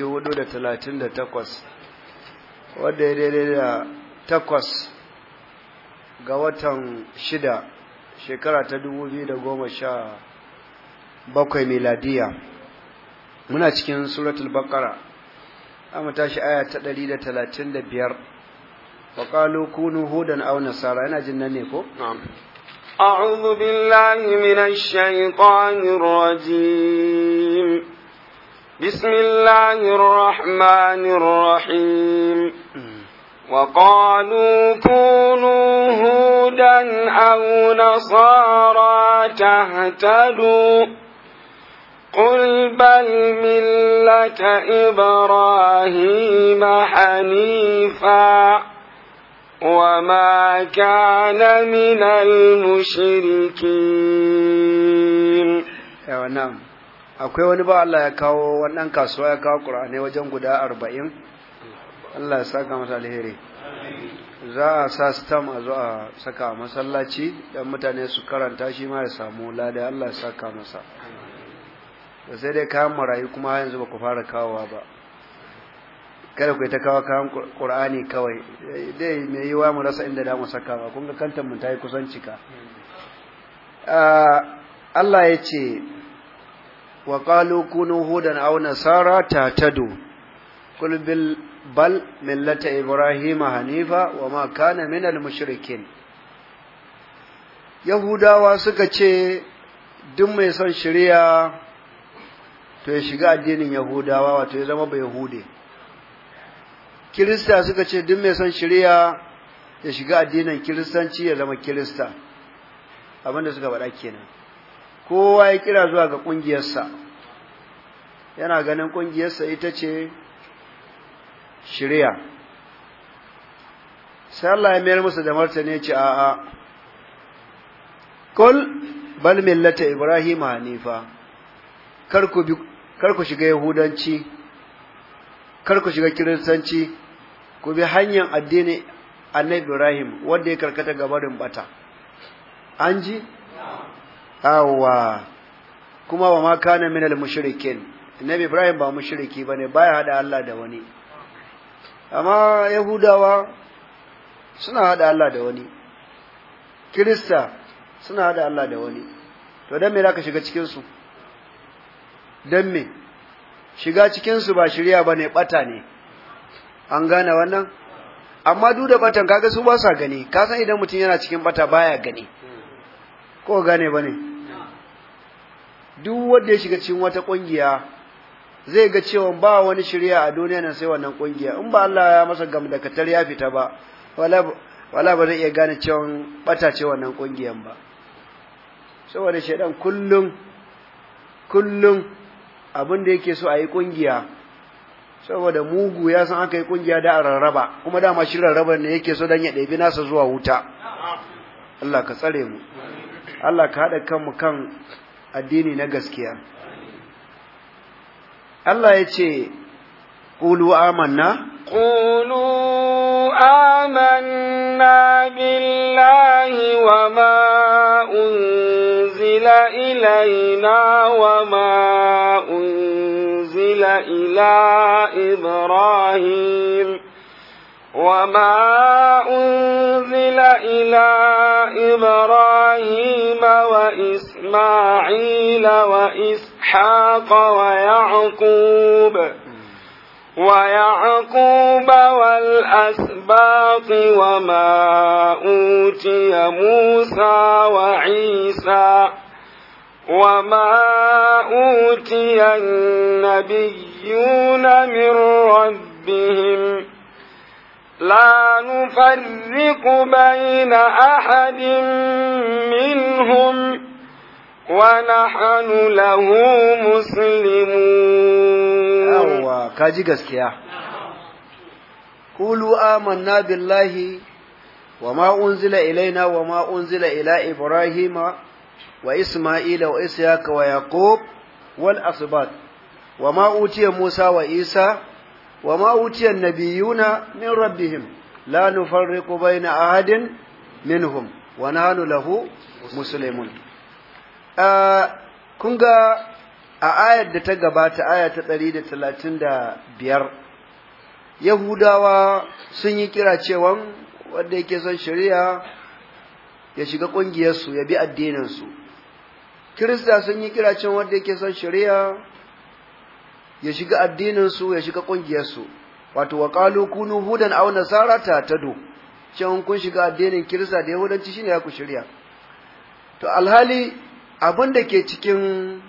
438 wadda ya daidai da takwas ga watan shida shekara ta 2017 miladiya muna cikin suratul baqara amma tashi aya ta 135 ba qalu kunu hudan aw nasara yana jin nan ne ko na'am أعوذ بالله من الشيطان الرجيم بسم الله الرحمن الرحيم وقالوا كونوا هودا أو نصارى تهتدوا قل بل ملة إبراهيم حنيفا وما كان من المشركين أيوة، نعم akwai wani ba Allah ya kawo wannan kasuwa ya kawo ƙura'ani wajen guda arba'in Allah ya saka masa alheri za a sa stam a zo a saka masallaci dan mutane su karanta shi ma ya samu lada Allah ya saka masa da sai dai kayan marayu kuma yanzu ba ku fara kawowa ba kada ku yi ta kawo kayan ƙur'ani kawai dai mai wa mu rasa inda da mu saka ba kun ga kantan ta yi kusan cika ah, Allah ya ce wa qalu kunu hudan aw nasara tatadu kul bil bal millata ibrahima hanifa wa ma kana minal yahudawa suka ce duk mai son shari'a to ya shiga addinin yahudawa wato ya zama bai yahude kirista suka ce duk mai son shari'a ya shiga addinin kiristanci ya zama kirista abinda suka faɗa kenan kowa ya kira zuwa ga ƙungiyarsa yana ganin ƙungiyarsa ita ce shirya sai Allah ya mayar musu da martani ce a'a kul bal millata ibrahim hanifa kar ku kar shiga yahudanci kar ku shiga kiristanci ku bi hanyar addini annabi ibrahim wanda ya karkata gabarin bata an ji awa kuma wa ma kana min al mushrikin annabi ibrahim ba mushriki bane baya hada Allah da wani amma yahudawa suna hada Allah da wani kirista suna hada Allah da wani to dan me zaka shiga cikin su dan me shiga cikin su ba shirya bane bata ne an gane wannan amma duk da batan kaga su ba sa gani ka san idan mutum yana cikin bata baya gani ko gane bane duk wanda ya shiga cikin wata kungiya zai ga cewa ba wani shirya a duniya nan sai wannan kungiya in ba Allah ya masa gamdakatar ya fita ba wala wala ba zai iya gane cewa bata ce wannan kungiyan ba saboda shedan kullum kullum abin da yake so a yi kungiya saboda mugu ya san aka yi kungiya da a rarraba kuma dama shi rarraba ne yake so dan ya ɗebi nasa zuwa wuta Allah ka tsare mu Allah ka haɗa kanmu kan addini na gaskiya Allah ya ce qulu amanna qulu amanna billahi wa ma unzila ilaina wa ma unzila ila ibrahim وما أنزل إلى إبراهيم وإسماعيل وإسحاق ويعقوب ويعقوب والأسباط وما أوتي موسى وعيسى وما أوتي النبيون من ربهم لا نفرق بين أحد منهم ونحن له مسلمون أوا كاجي غسكيا قولوا آمنا بالله وما أنزل إلينا وما أنزل إلى إبراهيم وإسماعيل وإسحاق ويعقوب والأصباط وما أوتي موسى وعيسى wa ma utiyan nabiyuna min rabbihim la nufarriqu baina ahadin minhum wa nahnu lahu muslimun kun a ayar da ta gabata aya ta 135 Yahudawa sun yi kira cewa wanda yake son shari'a ya shiga ƙungiyarsu ya bi addininsu Kirista sun yi kira cewa wanda yake son shari'a ya shiga addinin su ya shiga kungiyar su wato wa qalu kunu hudan aw nasara ta tadu cewa kun shiga addinin kirista da yahudanci shine ya ku shirya to alhali abin da ke cikin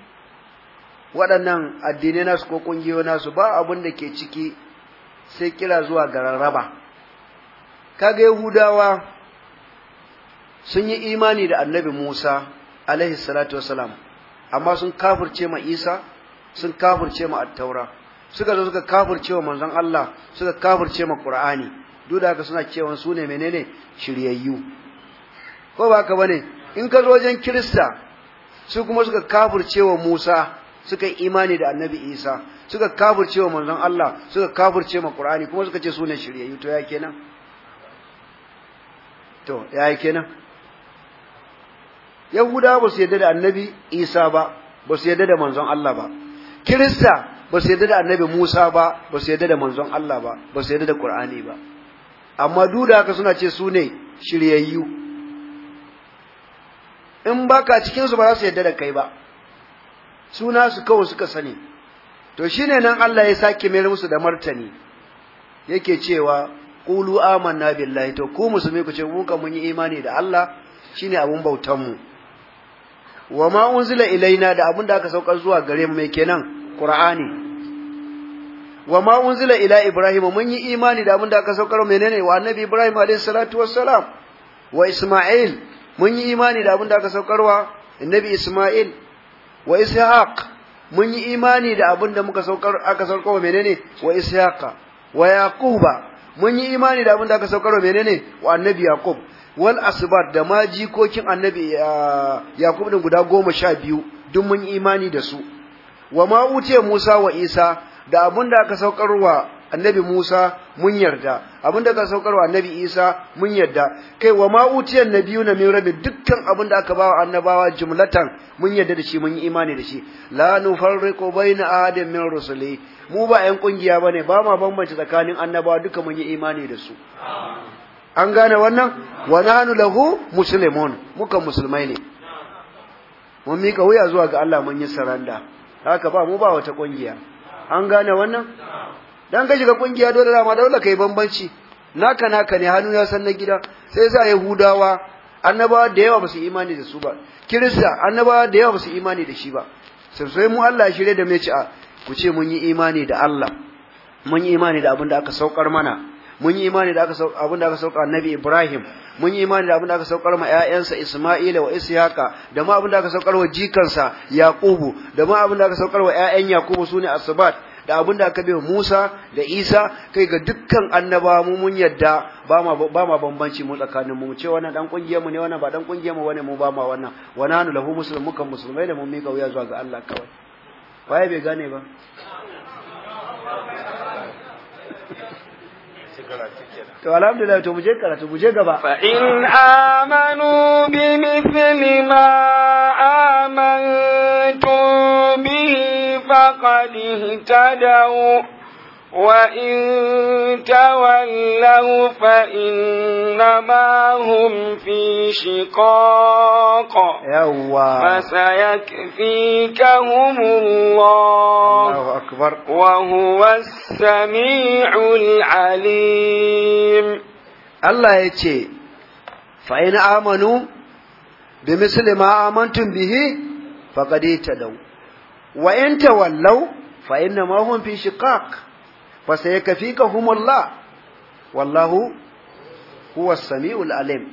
waɗannan addinai nasu ko kungiyoyi nasu ba abin da ke ciki sai kira zuwa gararraba. rarraba kaga yahudawa sun yi imani da annabi Musa alaihi salatu wasalam amma sun kafirce ma Isa sun kafirce mu Attaura, taura suka zo suka kafirce wa manzon Allah suka kafirce mu Qur'ani duk da haka suna cewa su ne menene shiryayyu ko ba ka bane in ka zo wajen Kirista su kuma suka kafirce wa Musa suka yi imani da Annabi Isa suka kafirce wa manzon Allah suka kafirce mu Qur'ani kuma suka ce su ne shiryayyu to ya kenan to ya kenan Yahuda ba su yarda da Annabi Isa ba ba su yarda da manzon Allah ba kirista ba su yadda da annabi Musa ba ba su yadda da manzon Allah ba ba su yadda da Kur'ani ba amma duk da haka suna ce su ne shiryayyu in ba ka cikinsu ba za su yadda da kai ba suna su kawai suka sani to shi ne nan Allah ya sake mayar musu da martani yake cewa ƙulu amanna billahi to ku musulmi ku ce mun ka mun yi imani da Allah shine abun bautanmu. mu wa ma unzila ilaina da abin da aka saukar zuwa gare mu mai kenan qur'ani wa ma unzila ila ibrahim mun yi imani da abin da aka saukar menene wa annabi ibrahim alayhi salatu wassalam wa isma'il mun yi imani da abin da aka saukar wa annabi isma'il wa ishaq mun yi imani da abin da muka saukar aka saukarwa menene wa ishaqa wa yaquba mun yi imani da abin da aka wa menene wa annabi yaqub wal asbar da ma jikokin annabi Yakub din guda goma sha biyu duk mun imani da su wa ma utiya Musa wa Isa da abinda aka saukarwa annabi Musa mun yarda abinda aka saukarwa annabi Isa mun yarda kai wa ma utiya na min rabbi dukkan abinda aka bawa annabawa jumlatan mun yarda da shi mun yi imani da shi la nufarriqu baina adam min rusuli mu ba yan kungiya bane ba ma bambanci tsakanin annabawa duka mun yi imani da su amin an gane wannan wa nahnu lahu muslimun muka musulmai ne mun mika wuya zuwa ga Allah mun yi saranda haka ba mu ba wata kungiya an gane wannan dan ka shiga kungiya dole da ma daula kai bambanci naka naka ne hannu ya san na gida sai sa yahudawa annabawa da yawa ba su imani da su ba kirista annabawa da yawa ba su imani da shi ba sai mu Allah shirye da mai ci a ku ce mun yi imani da Allah mun yi imani da abin da aka saukar mana mun yi imani da aka sauka abin da aka sauka annabi Ibrahim mun yi imani da abin da aka saukar ma ƴaƴansa Isma'ila wa Ishaqa da ma abin da aka saukar wa jikansa Yaqubu da ma abin da aka saukar wa ƴaƴan Yaqubu sune asbat da abin da aka bi Musa da Isa kai ga dukkan annaba mu mun yadda ba ma ba ma bambanci mu tsakanin mu ce wannan dan kungiyar mu ne wannan ba dan kungiyar mu bane mu ba ma wannan wa nanu lahu muslim mukan musulmai da mun mika wuya zuwa ga Allah kawai waye bai gane ba to alhamdulillah to muje karatu muje gaba Fa'in amanu bi mithli ma amantum bihi ta dawo. وإن تولوا فإنما هم في شقاق يوا فسيكفيكهم الله, الله أكبر وهو السميع العليم الله يتي فإن آمنوا بمثل ما آمنتم به فقد اهتدوا وإن تولوا فإنما هم في شقاق fa sayakfikahumullah wallahu huwa samiul alim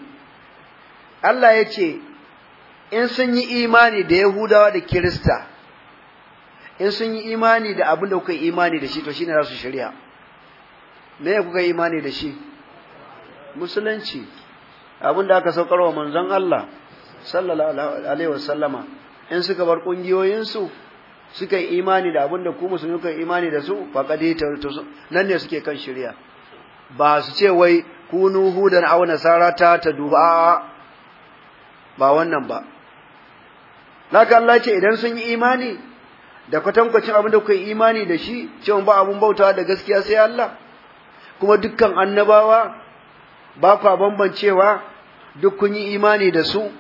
Allah yace in sun yi imani da Yahudawa da Kirista in sun yi imani da abin da kuka yi imani da shi to shi ne za su shirya? me ya kuka yi imani da shi musulunci abin da aka saukar wa manzon Allah sallallahu alaihi wasallama in suka bar ƙungiyoyinsu? suka yi imani da abinda ku musulmi kuka imani da su faqad tawallu nan ne suke kan shirya ba su ce wai kunu hudan aw nasara ta duba ba wannan ba laka Allah ce idan sun yi imani da kwatankwacin abinda kuka yi imani da shi cewa ba abun bauta da gaskiya sai Allah kuma dukkan annabawa ba ku bambancewa duk kun yi imani da su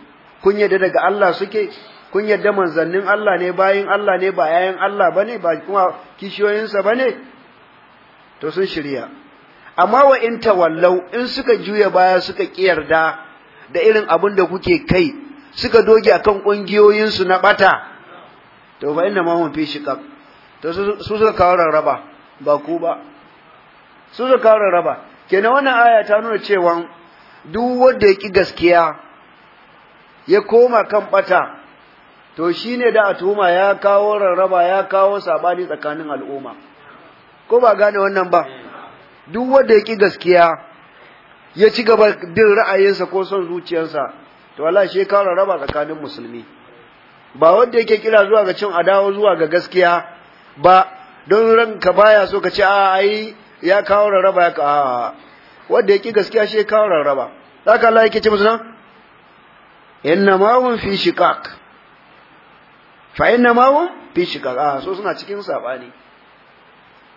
kun yadda daga Allah suke kun yadda manzannin Allah ne bayin Allah ne ba yayin Allah ba ne? ba kuma kishiyoyinsa ba ne? to sun shirya amma wa in tawallau in suka juya baya suka kiyarda da irin abin da kuke kai suka doge akan kungiyoyinsu na bata to ba inna ma mun fi shiqaq to su suka kawo raba ba ku ba su suka kawo raba. kenan wannan aya ta nuna cewa duk wanda ya ki gaskiya ya koma kan bata to shi ne da a tuhuma ya kawo rarraba ya kawo sabani tsakanin al'umma ko ba gane wannan ba duk wanda ya ƙi gaskiya ya ci gaba bin ra'ayinsa ko son zuciyarsa to Allah shi kawo rarraba tsakanin musulmi ba wanda yake kira zuwa ga cin adawa zuwa ga gaskiya ba don ranka baya so ka ce a ai ya kawo rarraba ya wadda wanda yake gaskiya shi kawo rarraba Allah ce nan hum fa inna ma hum fi ah so suna cikin sabani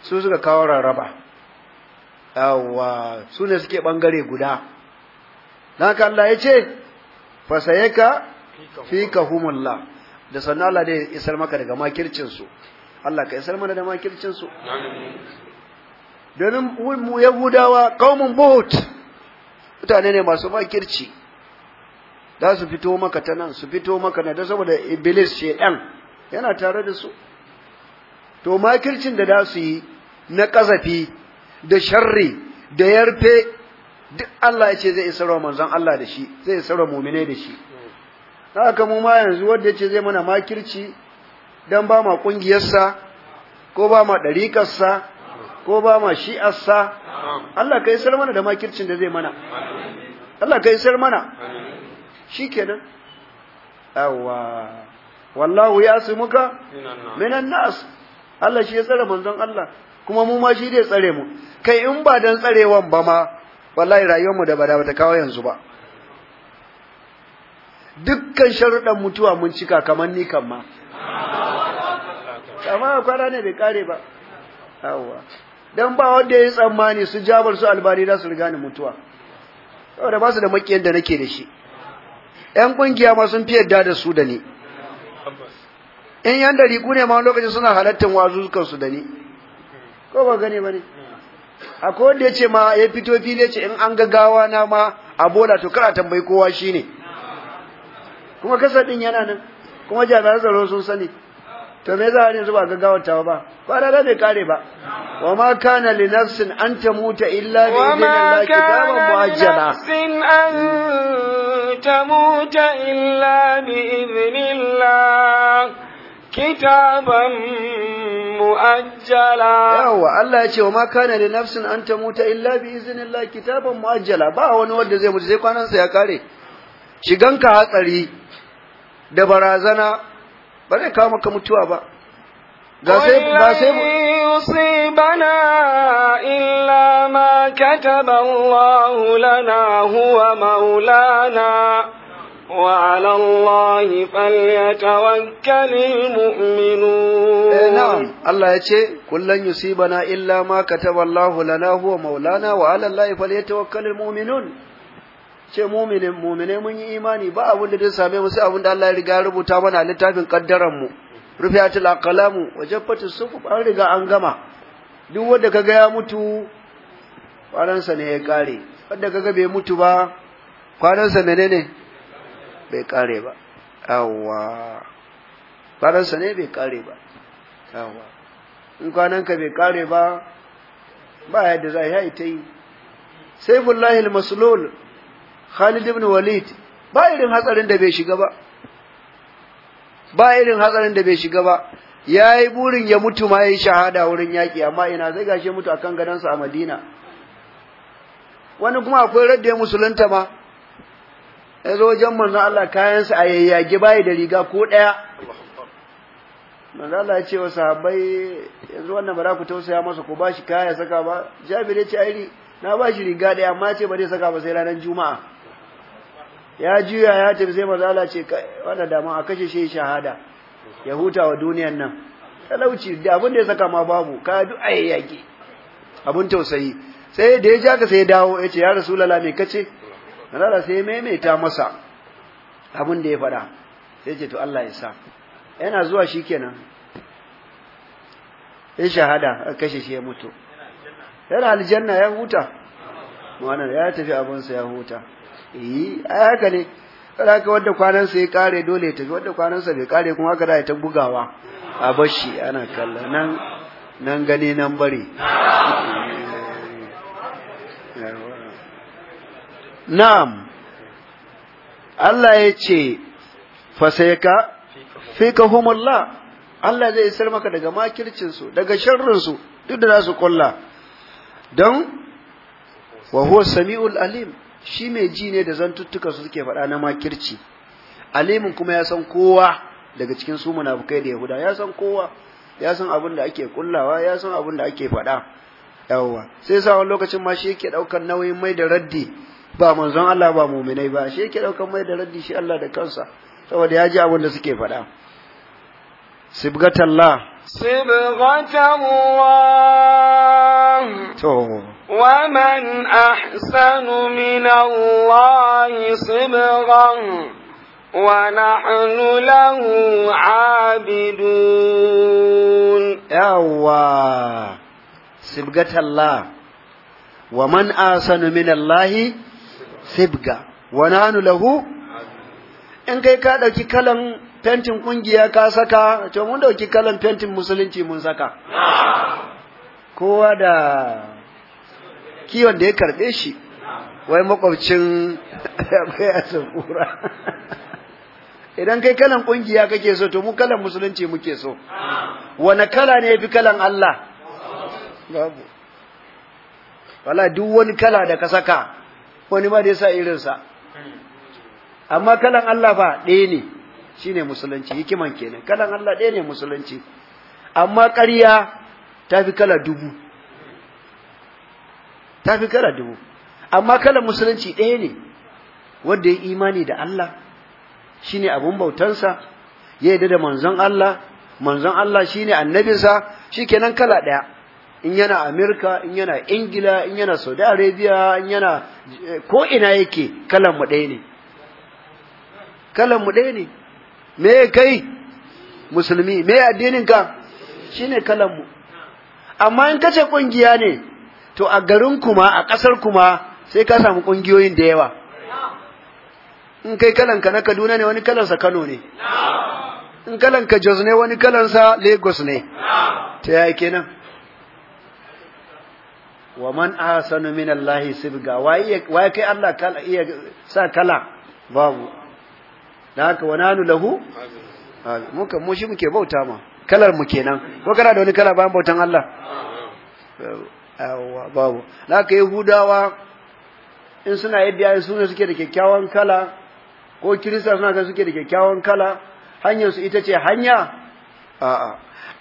su suka kawo raraba yawa su ne suke bangare guda dan haka Allah ya ce fa sayaka fi kahumullah da sannan Allah dai isar maka daga makircin su Allah ka isar mana da makircin su domin mu yahudawa qaumun buhut mutane ne masu makirci za su fito maka ta nan su fito maka na da saboda iblis shedan yana tare da su to makircin da za su yi na kazafi da sharri da yarfe duk Allah ya ce zai wa manzon Allah da shi zai wa mu'mine da shi haka mu ma yanzu wanda ya ce zai mana makirci dan ba ma kungiyarsa ko ba ma sa ko ba ma shi'arsa Allah ka isar mana da makircin da zai mana Allah ka isar mana shikenan Awa. wallahu ya minan nas Allah shi ya tsare manzon Allah kuma mu ma shi zai tsare mu kai in ba dan tsarewan ba ma wallahi rayuwar mu da bada bata kawo yanzu ba dukkan sharuɗan mutuwa mun cika kamar ni kan ma amma kwana ne bai kare ba Awa. dan ba wanda ya tsammani su jabar su albani da su riga ni mutuwa saboda ba su da makiyan da nake da shi ‘yan ƙungiya ma sun fi yadda da su da ni, in yan da riku ne ma lokacin suna wazu su da ni, ko ba gane ba ne? A wanda ya ce ma ya fito fili ce in an gaggawa na ma a bola to kar a tambayi kowa shi ne. Kuma kasar ɗin yana nan, kuma jami'an tsaro sun sani. to me za a yanzu ba gaggawatawa ba kwana da bai kare ba wa ma kana li nafsin an muta illa bi idnillahi kitaban muajjala an ta muta illa bi idnillahi kitaban mu'ajjala yawa Allah ya ce wa ma kana li nafsin an muta illa bi idnillahi kitaban mu'ajjala ba wani wanda zai mutu sai kwanansa ya kare shiganka hatsari da barazana ba zai kawo maka mutuwa ba ga sai ba sai yusibana illa ma kataba Allah lana huwa maulana wa ala Allah falyatawakkalul mu'minun eh na'am Allah ya ce yusibana illa ma kataba Allah lana huwa maulana wa ala Allah falyatawakkalul mu'minun ce mumine mumine mun yi imani ba abin da zai same mu sai abin da Allah ya riga rubuta mana a littafin kaddaran mu rufiyatul aqlamu wajaffatu sufu an riga an gama duk wanda kaga ya mutu kwanansa ne ya kare wanda kaga bai mutu ba kwanansa menene bai kare ba awwa kwanansa ne bai kare ba awwa in kwananka bai kare ba ba yadda za a yi ta yi sai bullahi al-maslul Khalid ibn Walid ba irin hatsarin da bai shiga ba ba irin hatsarin da bai shiga ba yayi burin ya mutu ma yayi shahada wurin yaki amma ina zai gashe mutu akan gadansa a Madina wani kuma akwai radda ya musulunta ma yazo wajen manzon Allah kayansa a ayyage bai da riga ko daya manzon Allah ya ce wa sahabbai yanzu wannan bara ku tausaya masa ko bashi kaya saka ba Jabir ya ce ai na bashi riga daya amma ya ce ba zai saka ba sai ranar Juma'a ya juya ya tafi sai manzo Allah ce wannan dama a kashe shi shahada ya huta wa duniyan nan talauci da abin da ya saka ma babu ka ai yake abun tausayi sai da ya jaka sai ya dawo ya ce ya rasulullah me kace manzo Allah sai maimaita masa abin da ya faɗa sai ce to Allah ya sa yana zuwa shikenan ya shahada a kashe shi ya mutu yana aljanna ya huta wannan ya tafi sa ya huta eh haka ne kada ka wanda kwanan sa ya kare dole ya tafi wanda kwanan sa bai kare kuma haka da ta bugawa a bashi ana kalla nan nan gane nan bari. na'am Allah ya ce fasayaka fikahumullah Allah zai isar maka daga makircinsu daga sharrinsu duk da za su kulla don wa huwa sami'ul alim shi mai ji ne da zantuttuka su suke faɗa na makirci alimin kuma ya san kowa daga cikin su munafukai da yahuda ya san kowa ya san abin da ake kullawa ya san abin da ake faɗa yawwa sai sa wani lokacin ma shi yake ɗaukar nauyin mai da raddi ba manzon Allah ba muminai ba shi yake ɗaukar mai da raddi shi Allah da kansa saboda ya ji abin da suke faɗa sibgatallah صبغة الله ومن أحسن من الله صبغا ونحن له عابدون أوا صبغة الله ومن أحسن من الله صبغة ونحن له إن كي كادك كلام fentin kungiya ka saka to mun dauki kalan fentin musulunci mun saka kowa da kiwon da ya karbe shi wai makwabcin akwai asakura idan kai kalan kungiya kake so to mu kalan musulunci muke so wani kala ne fi kalan Allah babu wala duk wani kala da ka saka wani ma da sa irinsa amma kalan Allah fa ɗaya ne shine musulunci hikiman kenan kalan Allah ɗaya ne musulunci amma ƙarya ta fi kala dubu ta fi kala dubu amma kalan musulunci ɗaya ne wanda ya imani da Allah shine abun bautansa ya yi da manzon Allah manzon Allah shine annabinsa kenan kala ɗaya in yana Amerika in yana Ingila in yana Saudi Arabia in yana eh, ko ina yake kalan mu ɗaya ne kalan mu ɗaya ne me kai musulmi me addinin ka shine kalan mu amma in kace kungiya ne to a garin kuma a kasar kuma sai ka samu kungiyoyin da yawa in kai kalan ka na Kaduna ne wani kalan sa Kano ne in kalan ka Jos ne wani kalan sa Lagos ne ta yaya kenan wa man ahsanu min Allah sibga wai kai Allah kala iya sa kala babu da haka wa nanu lahu mu kan mu shi muke bauta ma kalar mu kenan ko kana da wani kala bayan bautan Allah babu da haka yahudawa in suna yadda ai ne suke da kyakkyawan kala ko kirista suna ga suke da kyakkyawan kala hanyar su ita ce hanya a'a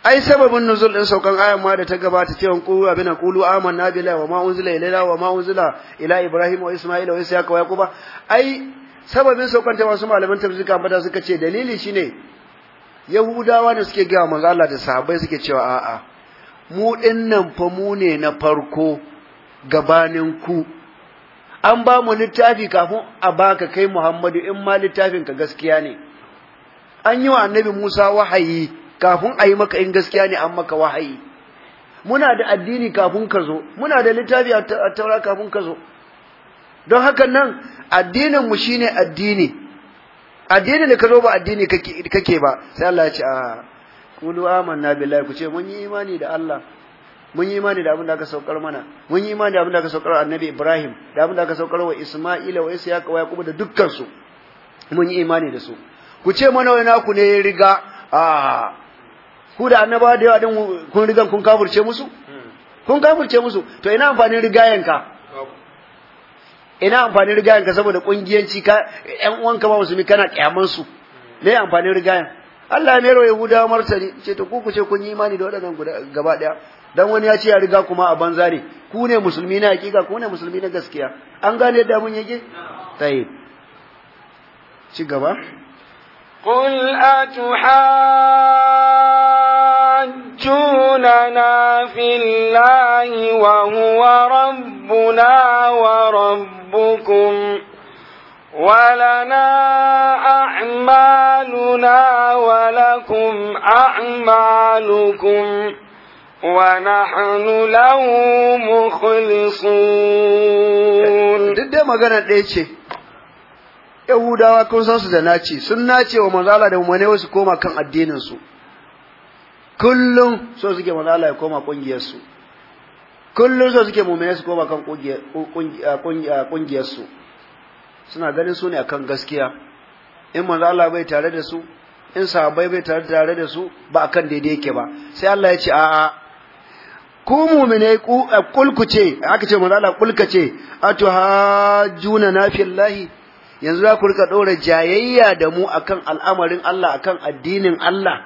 ai sababin nuzul din saukan ayan ma da ta gabata cewa qulu abina qulu amanna billahi wa ma unzila ilayna wa ma unzila ila ibrahim wa isma'ila wa isa ka yaquba ai sababin saukanta wasu malaman tafsir kan bada suka ce dalili shine yahudawa ne suke gaya manzo Allah da sahabbai suke cewa a mu dinnan fa mu ne na farko gabanin ku an ba mu littafi kafin a baka kai Muhammadu in ma littafin ka gaskiya ne an yi wa annabi Musa wahayi kafin a yi maka in gaskiya ne an maka wahayi muna da addini kafin ka zo muna da littafi a taura kafin ka zo don haka nan addinin mu shine addini addini da ka zo ba addini kake ba sai Allah ya ce a ah, qulu amanna billahi ku ce mun yi imani da Allah mun yi imani da abin da aka saukar mana mun yi imani da abin da aka saukar annabi Ibrahim da abin da aka saukar wa Isma'ila wa Isyaq wa Yaqub da dukkan su mun yi imani da su ku ce mana wai naku ne ya riga a ah, ku da annaba da yawa din kun rigan kun kafirce musu hmm. kun kafirce musu to ina amfanin rigayenka ina amfanin rigayen ka saboda kungiyanci ka ƴan uwanka ba musulmi kana kyaman su me amfanin rigayen Allah ya mero Yahudawa martani ce to ku ku ce kun yi imani da waɗannan gaba daya dan wani ya ce ya riga kuma a banza ne ku ne musulmi na hakika ku ne musulmi na gaskiya an gane yadda mun yake tayib ci gaba قل أتحاجوننا في الله وهو ربنا ورب ربكم ولنا أعمالنا ولكم أعمالكم ونحن له مخلصون duk dai magana ɗaya ce yahudawa kun san su da naci sun nace wa manzala da umarne wasu koma kan addininsu kullum so suke manzala ya koma ƙungiyarsu kullum su suke mummune su koma kan ƙungiyarsu. suna ganin su ne a kan gaskiya in manzo Allah bai tare da su in sahabbai bai tare da su ba a kan daidai yake ba sai Allah ya ce a'a ku mu'mine ku ce aka ce manzo Allah ha juna na fillahi yanzu za ku rika dora jayayya da mu akan al'amarin Allah akan addinin Allah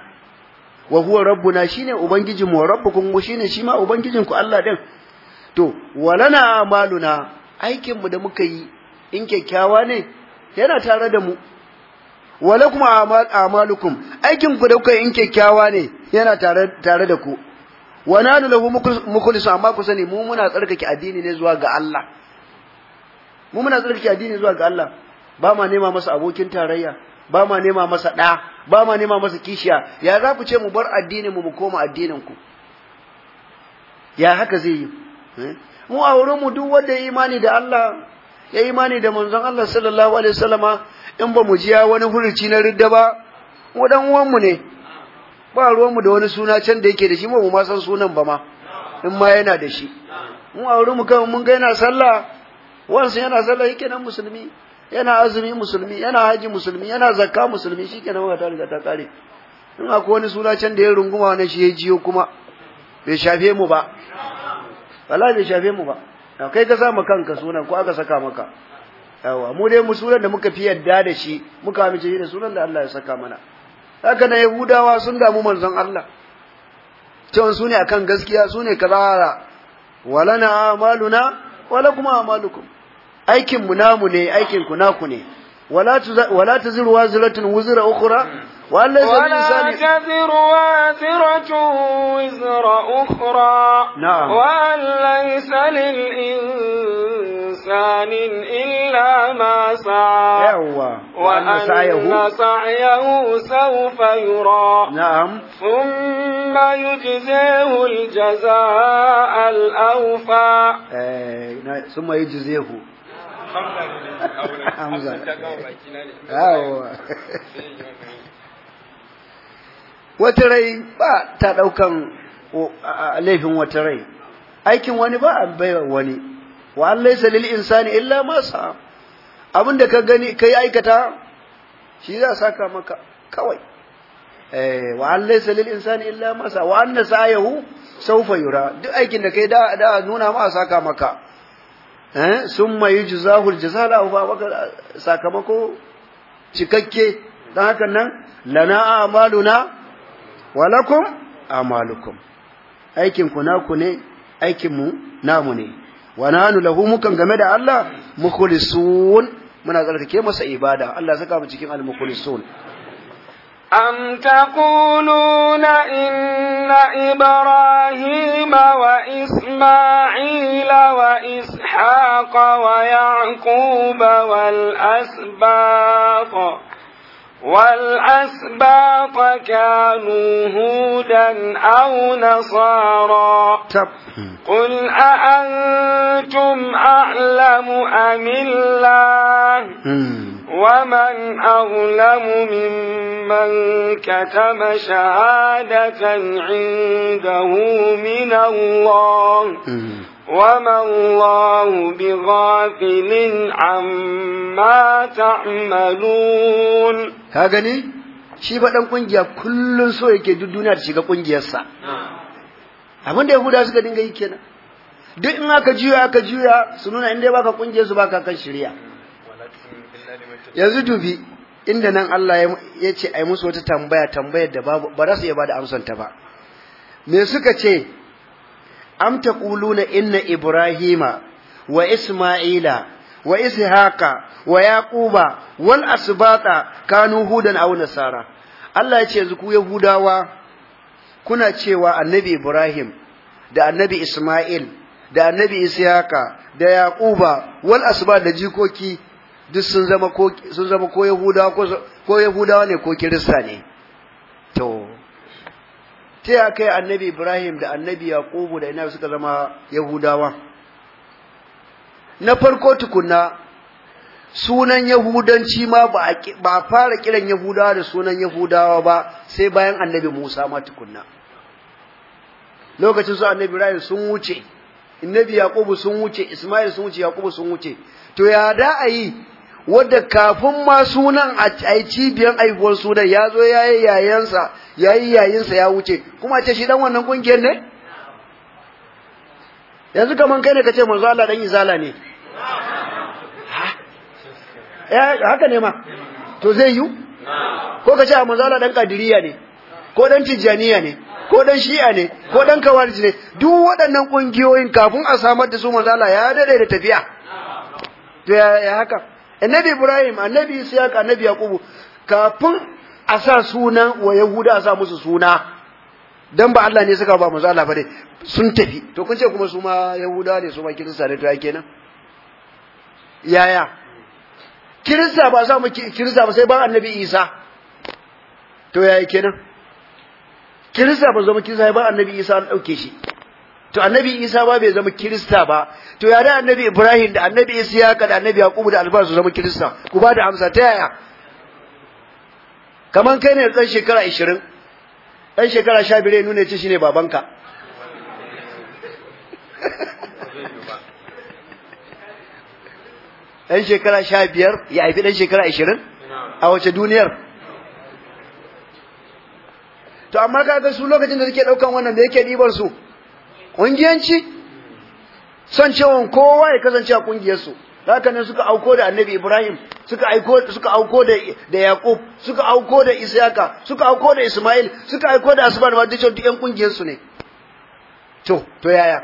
wa huwa rabbuna shine ubangijin mu rabbukum shine shi ma ubangijin ku Allah din to walana amaluna aikinmu da muka yi in kyakkyawa ne yana tare da mu walakum amalukum aikin ku da kuka yi in kyakkyawa ne yana tare tare da ku wa nanu lahu mukhlisu amma ku sani mu muna tsarkake addini ne zuwa ga Allah mu muna tsarkake addini zuwa ga Allah ba ma nema masa abokin tarayya ba ma nema masa ɗa ba ma nema masa kishiya ya za ku ce mu bar addinin mu mu koma addinin ku ya haka zai yi Eh? mu a mu duk wanda ya imani da Allah ya imani da manzon Allah sallallahu alaihi wasallama in ba mu ji ya wani furuci na ridda ba mu dan uwan mu ne ba ruwan mu da wani suna can da yake da shi mu ma san sunan ba ma in ma yana da shi mu a mu kan mun ga yana sallah wansa yana sallah yake nan musulmi yana azumi musulmi yana haji musulmi yana zakka musulmi shikenan ba ta riga ta kare in akwai wani suna can da ya runguma wannan shi ya jiyo kuma bai shafe mu ba wallahi bai shafe mu ba kai ka sa kanka sunan ko aka saka maka yawa mu dai mu sunan da muka fi yadda da shi muka amince shi da sunan da Allah ya saka mana haka na yahudawa sun damu manzon Allah cewa su ne akan gaskiya su ne kazara walana amaluna wala kuma amalukum aikin mu namu ne aikin ku naku ne ولا ولا تزر وازرة وزر أخرى ولا تزر وازرة وزر أخرى نعم وأن ليس للإنسان إلا ما سعى إيوة. وأن سعيه, سعيه سوف يرى نعم ثم يجزيه الجزاء الأوفى إيه، نعم. ثم يجزيه hamza wata rai ba ta daukan laifin wata rai aikin wani ba a baiwa wani wa an laisa lil insani illa ma sa abinda ka gani kai aikata shi za saka maka kawai eh, wa an laisa lil insani illa ma sa wa anna sa'ahu saufa yura duk aikin da kai da da nuna ma a saka maka Eh? sun mai juzahul jazala wa baka sakamako cikakke dan hakan nan lana amaluna walakum a amalukum aikin ku naku ne aikin mu namu ne wa nanu lahu mukan game da Allah mukhlisun muna tsarkake masa ibada Allah saka mu cikin al mukhlisun am taquluna in إبراهيم وإسماعيل وإسحاق ويعقوب والأسباط والأسباط كانوا هودا أو نصارا قل أأنتم أعلم أم الله ومن أظلم ممن كتم شهادة عنده من الله mm-hmm. وما الله بغافل عما تعملون هاغني shi ba dan kungiya kullun so yake duk duniya ta shiga kungiyarsa abinda yahuda suka dinga yi kenan duk in aka juya aka juya su nuna inda baka kungiyar baka kan shirya yanzu dubi inda nan Allah ya ce ai musu wata tambaya tambayar da babu ba za su iya bada amsar ta ba me suka ce am taquluna inna ibrahima wa isma'ila wa ishaqa wa yaquba wal asbata kanu hudan aw nasara Allah ya ce yanzu ku yahudawa kuna cewa annabi ibrahim da annabi isma'il da annabi ishaqa da yaquba wal asbata da jikoki duk sun zama ko sun zama ko yahudawa ko ko ne ko kirista ne to ta ya kai annabi ibrahim da annabi yaqubu da ina suka zama yahudawa na farko tukunna sunan Yahudanci ma ba fara kiran Yahudawa da sunan Yahudawa ba sai bayan annabi Musa ma tukunna. Lokacin su annabi Ibrahim sun wuce, annabi Yakubu sun wuce, Ismail sun wuce, Yakubu sun wuce. To ya da a yi wadda kafin ma sunan a yi cibiyan aihuwar sunan ya zo ya yi yayansa ya yi yayinsa ya wuce kuma ce shi dan wannan kungiyar ne yanzu kaman kai ne ka ce manzo Allah dan izala ne haka ne ma to zai yi ko ka ce manzo Allah dan kadiriya ne ko dan Tijaniya ne ko dan shi'a ne ko dan kawarji ne duk waɗannan kungiyoyin kafin a samar da su manzo Allah ya dade da tafiya to ya haka annabi ibrahim annabi isaac annabi yaqub kafin a sa suna wa yahuda a sa musu suna dan ba Allah ne suka ba manzo Allah ba dai sun tafi to kun ce kuma su ma yahuda ne su ma kirista ne to kenan yaya kirista ba sa mu kirista ba sai ba annabi isa to yaya kenan kirista ba zama kirista ba annabi isa an dauke shi to annabi isa ba bai zama kirista ba to ya da annabi ibrahim da annabi isiyaka da annabi yaqubu da albar su zama kirista ku ba da amsa ta yaya kaman kai ne dan shekara 20 dan shekara 15 ne nuna ce shine babanka dan shekara 15 ya aifi dan shekara 20 a wace duniyar to amma kaga su lokacin da suke daukan wannan da yake dibar su ƙungiyanci son cewa kowa ya kasance a ƙungiyarsu haka nan suka auko da annabi ibrahim suka aiko suka auko da da yaqub suka auko da isyaka suka auko da isma'il suka aiko da asban ma dukkan dukkan kungiyar su ne to to yaya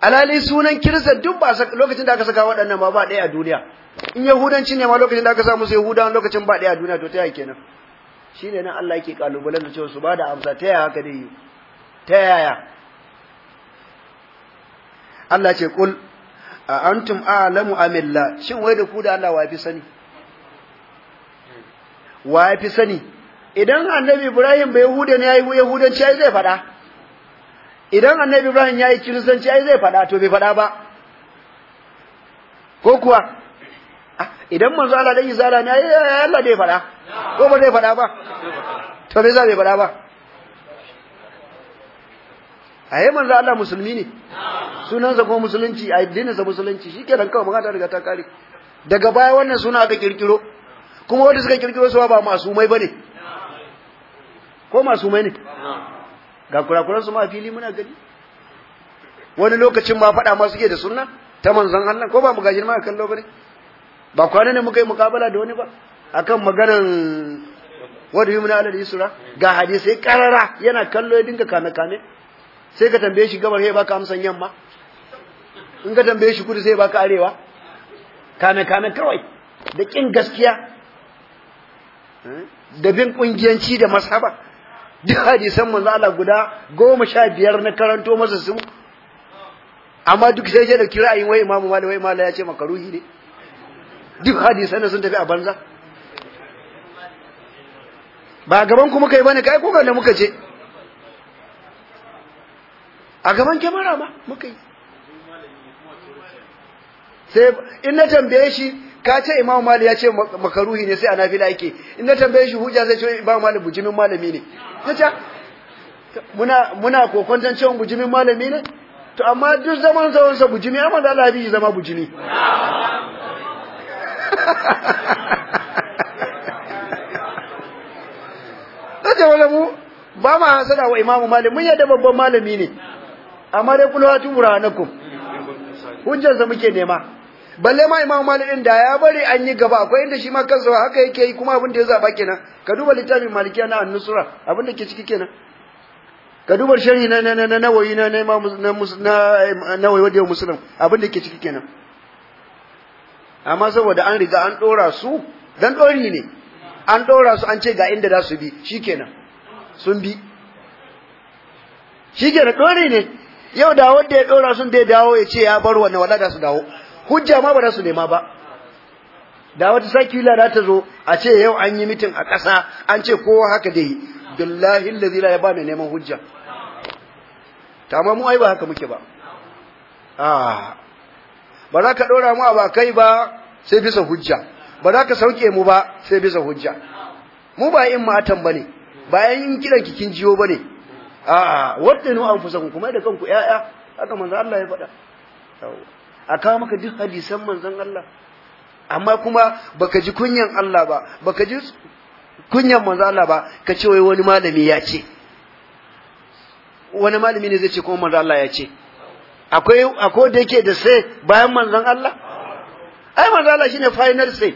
alali sunan kirista duk ba lokacin da aka saka waɗannan ba ba ɗaya a duniya in yahudanci ne ma lokacin da aka sa musu yahuda lokacin ba ɗaya a duniya to ta yaya kenan shine nan Allah yake kalubalen da cewa su ba da amsa ta yaya haka dai ta yaya Allah ce kul a antum a'lamu amilla shin wai da ku da Allah wafi sani wafi sani idan annabi Ibrahim bai Yahuda ne yayi Yahudanci ai zai faɗa idan annabi Ibrahim yayi Kiristanci ai zai faɗa to bai faɗa ba ko kuwa idan manzo Allah dai zala ne ai Allah dai faɗa ko ba zai faɗa ba to bai za bai faɗa ba ayi manzo Allah musulmi ne sunansa kuma musulunci sa musulunci shikenan kawai magana ta riga ta kare daga baya wannan suna aka kirkiro kuma wanda suka kirkiro su ba masumai bane ko masumai ne ga kurakuran su ma fili muna gani wani lokacin ma faɗa ma suke da sunna ta manzon Allah ko ba mu gajin ma kallo bane ba kwana ne muka yi mukabala da wani ba akan maganan wadda yi muna ala isra ga hadisai karara yana kallo ya dinga kame kame sai ka tambaye shi gabar sai baka amsan yamma in ka tambaye shi kudu sai baka arewa kame kame kawai da kin gaskiya da bin kungiyanci da masaba duk hadisan manzo Allah guda goma sha biyar na karanto masa su amma duk sai ya kira ra'ayin wai imamu malik wai malik ya ce makaruhi ne duk hadisan sun tafi a banza ba gaban ku muka yi bane kai ko ga muka ce a gaban kyamara ma muka yi sai ina tambaye shi ka ce imamu mali ya ce makaruhi ne sai a fila yake Ina tambaye shi hujja zai ce imamu mali bujimin malami ne ta muna muna kokonton cewa bujimin malami ne to amma duk zaman zaman sa bujimi amma da Allah yi zama bujimi Sace wala mu ba ma hasada wa imamu mali mun yadda babban malami ne amma dai kul hatu burhanakum hujjar sa muke nema balle ma imam malik da ya bari an yi gaba akwai inda shi ma kansa haka yake yi kuma abin da ya zaba kenan ka duba littafin malikiya na an-nusra abin da ke ciki kenan ka duba sharhi na na na wayi na na imam na na eh, wayi wadai muslim abin da ke ciki kenan amma saboda an riga an dora su dan dori ne an dora su an ce ga inda za su bi shikenan sun bi shikenan dori ne yau da wanda ya ɗora sun da ya dawo ya ce ya bar wannan wala da su dawo hujja ma ba za su nema ba da wata sakila da ta zo a ce yau an yi mitin a ƙasa an ce kowa haka dai billahi allazi ya ba mai neman hujja tamam mu ai ba haka muke ba ah. ba za ka ɗora mu a ba sai bisa hujja ba za ka sauke mu ba sai bisa hujja mu ba yin matan bane ba yin kidan kikin jiyo bane a'a an anfusakum kuma da kanku ƴaƴa haka manzo Allah ya faɗa a kawo maka duk hadisan manzon Allah amma kuma baka ji kunyan Allah ba baka ji kunyan manzo Allah ba ka ce wai wani malami ya ce wani malami ne zai ce kuma manzo Allah ya ce akwai akwai da yake da sai bayan manzon Allah ai manzo Allah shine final sai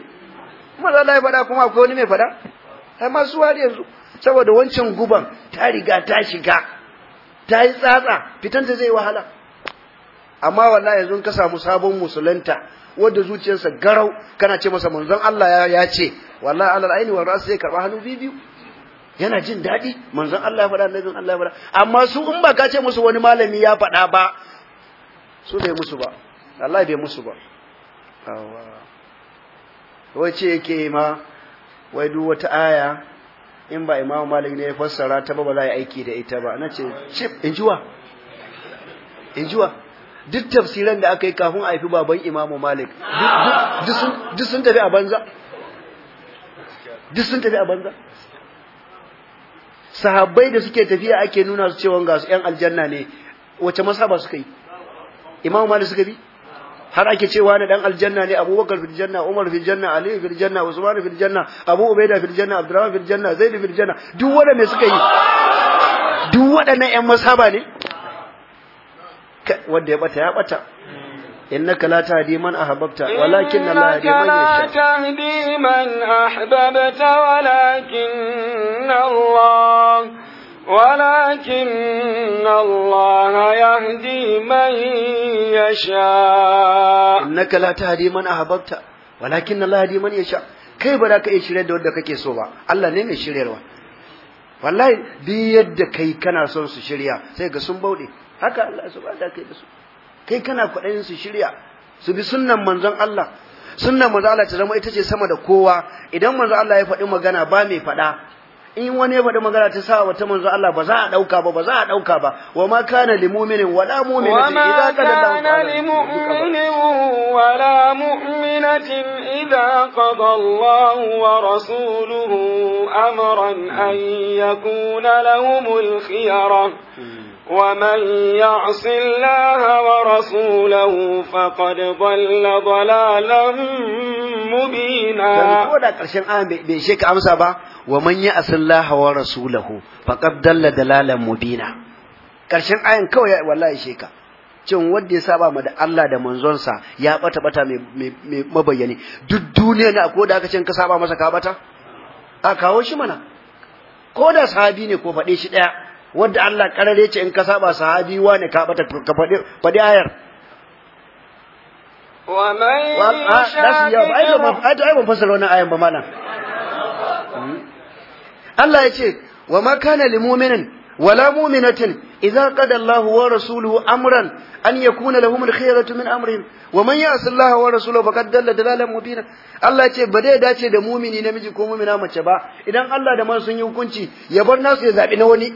manzo Allah ya faɗa kuma akwai wani mai faɗa ai masu wari yanzu saboda wancan guban ta riga ta shiga ta yi tsatsa fitanta zai wahala amma wallahi yanzu ka samu sabon musulunta wanda zuciyarsa garau kana ce masa manzon Allah ya ce wallahi alal aini wal ras sai karba hannu bibiyu yana jin daɗi manzon Allah ya faɗa annabin Allah ya faɗa amma su in ba ka ce musu wani malami ya faɗa ba su bai musu ba Allah bai musu ba wace yake ma wai duk wata aya in ba imamu malik ne ya fassara ta ba ba za a yi aiki da ita ba na ce cip in jiwa in jiwa duk tafsiran da aka yi kafin a haifi baban imamu malik duk sun tafi a banza duk sun tafi a banza sahabbai da suke tafiya ake nuna su cewa ga su yan aljanna ne wace masaba suka yi imamu malik suka bi har ake cewa ne dan aljanna ne abubakar fil janna umar fil janna ali fil janna usman fil janna abu ubaida fil janna abdurrahman fil janna zaid fil janna duk wanda suka yi duk waɗannan ƴan masaba ne wanda ya bata ya bata إنك لا تهدي من أحببت ولكن الله يهدي من يشاء إنك لا تهدي من أحببت ولكن الله يهدي من يشاء إنك لا تهدي من أحببت ولكن الله يهدي من يشاء kai ba za ka iya shirya da wanda kake so ba Allah ne mai shiryarwa wallahi duk yadda kai kana son su shirya sai ga sun bauɗe haka Allah su bada kai da su kai kana kwaɗayin su shirya su bi sunnan manzon Allah sunnan manzon Allah ta zama ita ce sama da kowa idan manzon Allah ya faɗi magana ba mai faɗa in wani ya faɗi magana ta sa wa wata manzo Allah ba za a ɗauka ba ba za a ɗauka ba wa ma kana lil mu'minin wala mu'minatin idza qada Allahu wala mu'minatin idza qada Allahu wa rasuluhu amran an yakuna lahumul khiyara hmm. ومن يعص الله ورسوله فقد ضل ضلالا مبينا كودا كرشن آن بي شيك أمسا با ومن يعص الله ورسوله فقد ضل ضلالا مبينا كرشن آن كو والله شيكا cin wanda ya saba ma da Allah da manzonsa ya bata bata mai mabayyani duk duniya na ko da aka cin ka saba masa ka bata a kawo shi mana ko da sahabi ne ko faɗe shi ɗaya wanda Allah karare ce in ka saba sahabi wane ka bata ka fadi ayar wa mai ai ban fasara wannan ayan ba malam Allah ya ce wa ma kana lil mu'minin wala mu'minatin idza qada Allahu wa rasuluhu amran an yakuna lahum al-khiyaratu min amrihim wa man ya'si Allah wa rasuluhu faqad dalla dalalan mubina Allah ya ce ba dai dace da mumini namiji ko mumina mace ba idan Allah da man sun yi hukunci ya bar nasu ya zabi na wani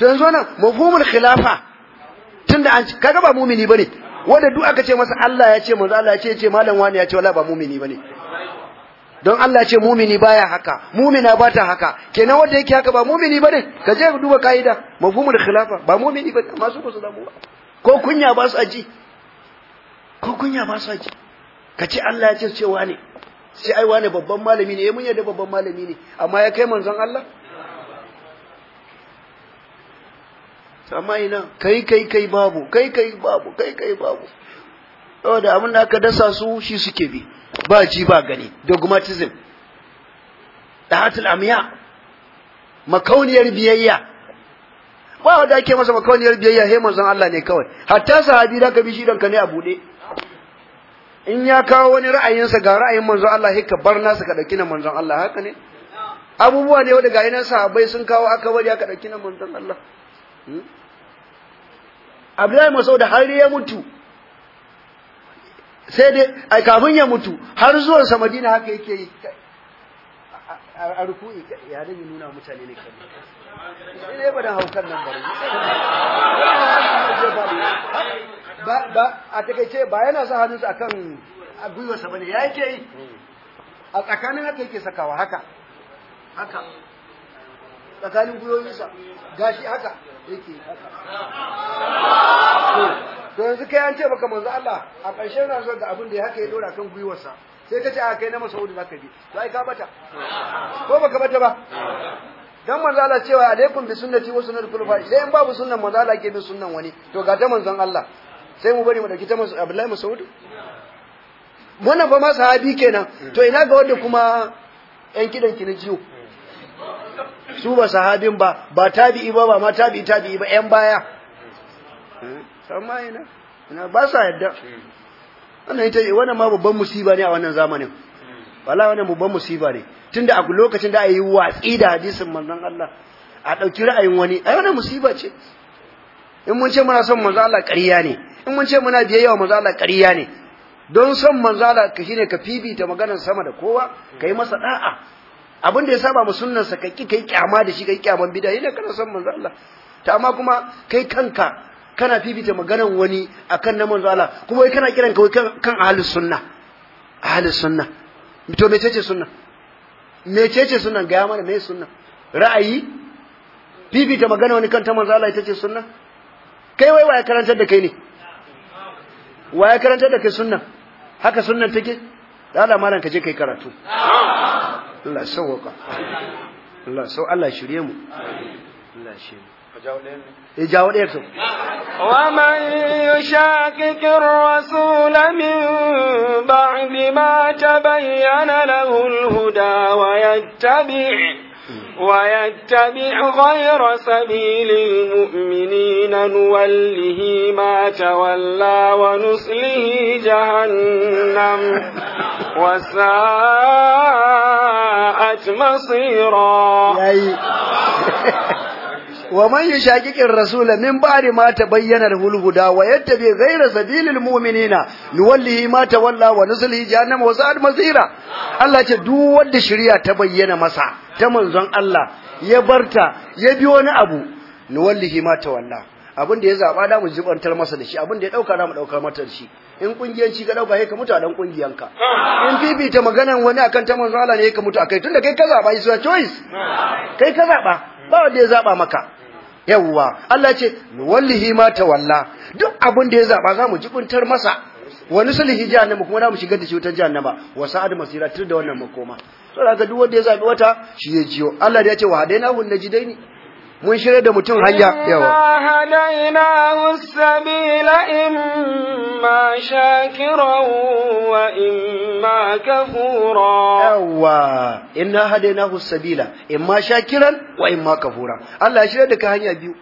to yanzu wannan mafhumul khilafa tunda an kaga ba mumini bane wanda duk aka ce masa Allah ya ce manzo Allah ya ce ce malam wani ya ce wallahi ba mumini bane don Allah ya ce mumini baya haka mumina ba ta haka kenan wanda yake haka ba mumini bane ka je ka duba kaida mafhumul khilafa ba mumini bane amma su ba su damu ko kunya ba su aji ko kunya ba su aji ka ce Allah ya ce cewa ne sai ai wani babban malami ne eh mun yadda babban malami ne amma ya kai manzon Allah amma ina kai kai kai babu kai kai babu kai kai babu saboda abin da aka dasa su shi suke bi ba ji ba gani dogmatism dahatul amiya makauniyar biyayya ba wanda ake masa makauniyar biyayya he manzon Allah ne kawai hatta sahabi da ka bi shi danka ne a bude in ya kawo wani ra'ayinsa ga ra'ayin manzon Allah he ka bar nasa ka dauki na manzon Allah haka ne abubuwa ne wanda ga yana sahabbai sun kawo aka bari aka dauki na manzon Allah hmm? Abdullahi masauda har ya mutu sai dai ai kafin ya mutu har zuwan sa Madina haka yake yi a ruku'i ya dani nuna mutane ne kai ne ba da haukan nan bari ba ba a takeice ba yana sa hannunsa akan sa bane ya yake yi a tsakanin haka yake sakawa haka haka tsakanin gwiwoyinsa gashi haka yake haka to yanzu kai an ce baka manzo Allah a ƙarshen rayuwar da abin da ya haka ya dora kan gwiwarsa sai ka ce a kai na Masaudi zaka bi to ai ka bata ko baka bata ba dan manzo Allah cewa alaikum bi sunnati wa sunnati khulafa sai in babu sunnan manzo Allah ke bi sunnan wani to ga ta manzon Allah sai mu bari mu dauki ta manzo Abdullahi Masaudi. Muna ba ma sahabi kenan to ina ga wanda kuma yan kidan ki na jiyo su ba sahabin ba ba tabi'i ba ba ma tabi'i tabi'i ba yan baya amma ina ina ba sa yadda wannan ita wannan ma babban musiba ne a wannan zamanin wala wannan babban musiba ne tunda a lokacin da ayi watsi da hadisin manzon Allah a dauki ra'ayin wani ai wannan musiba ce in mun ce muna son manzon Allah ƙarya ne in mun ce muna biyayya yawa manzon Allah ƙarya ne don son manzon Allah ka shine ka fifita maganar sama da kowa kai masa da'a abin da ya saba mu sunnar sa kai kai kyama da shi kai kyaman bid'a yana kana son manzo Allah ta amma kuma kai kanka kana fifita maganar wani akan na manzo Allah kuma wai kana kiran kai kan ahlus sunna ahlus sunna to mecece sunna mecece sunna ga mana me sunna ra'ayi fifita magana wani kan ta manzo Allah ita ce sunna kai wai waya karantar da kai ne waya karantar da kai sunna haka sunnan take da Allah malan ka je kai karatu Allah sauwaka Allah sau Allah shirye mu Allah shi mu ya eh, jawo ɗaya to wa man yushaqiqi ar min ba'di ma tabayyana lahu al-huda wa yattabi' ويتبع غير سبيل المؤمنين نوله ما تولى ونصله جهنم وساءت مصيرا wa man yushaqiqir rasula min ba'di ma tabayyana lahu huda wa yattabi ghayra sabilil mu'minina nuwallihi ma tawalla wa nuslihi jahannama wa sa'at masira Allah ce duk wanda shari'a ta bayyana masa ta manzon Allah ya barta ya bi wani abu nuwallihi ma tawalla abin da ya zaba da mu jibantar masa da shi abin da ya dauka da mu dauka mata da shi in kungiyanci ka dauka sai ka mutu a dan kungiyanka in bibita magana wani akan ta manzon Allah ne ka mutu akai tunda kai ka zaba is your choice kai ka zaba ba wanda ya zaba maka yawwa Allah ce wallahi ma tawalla duk abin da ya zaba zamu jibuntar masa wani wa nuslihi jahannama kuma zamu shiga da shi wutar jahannama wa sa'ad masira tun da wannan makoma saboda duk wanda ya zabi wata shi ya jiyo Allah da ya ce wa dai najidaini mun shirya da mutum hanya yawa hadaina sabila imma shakiran wa imma kafura yawa inna hadaina sabila imma shakiran wa in imma kafura Allah ya shirya da ka hanya biyu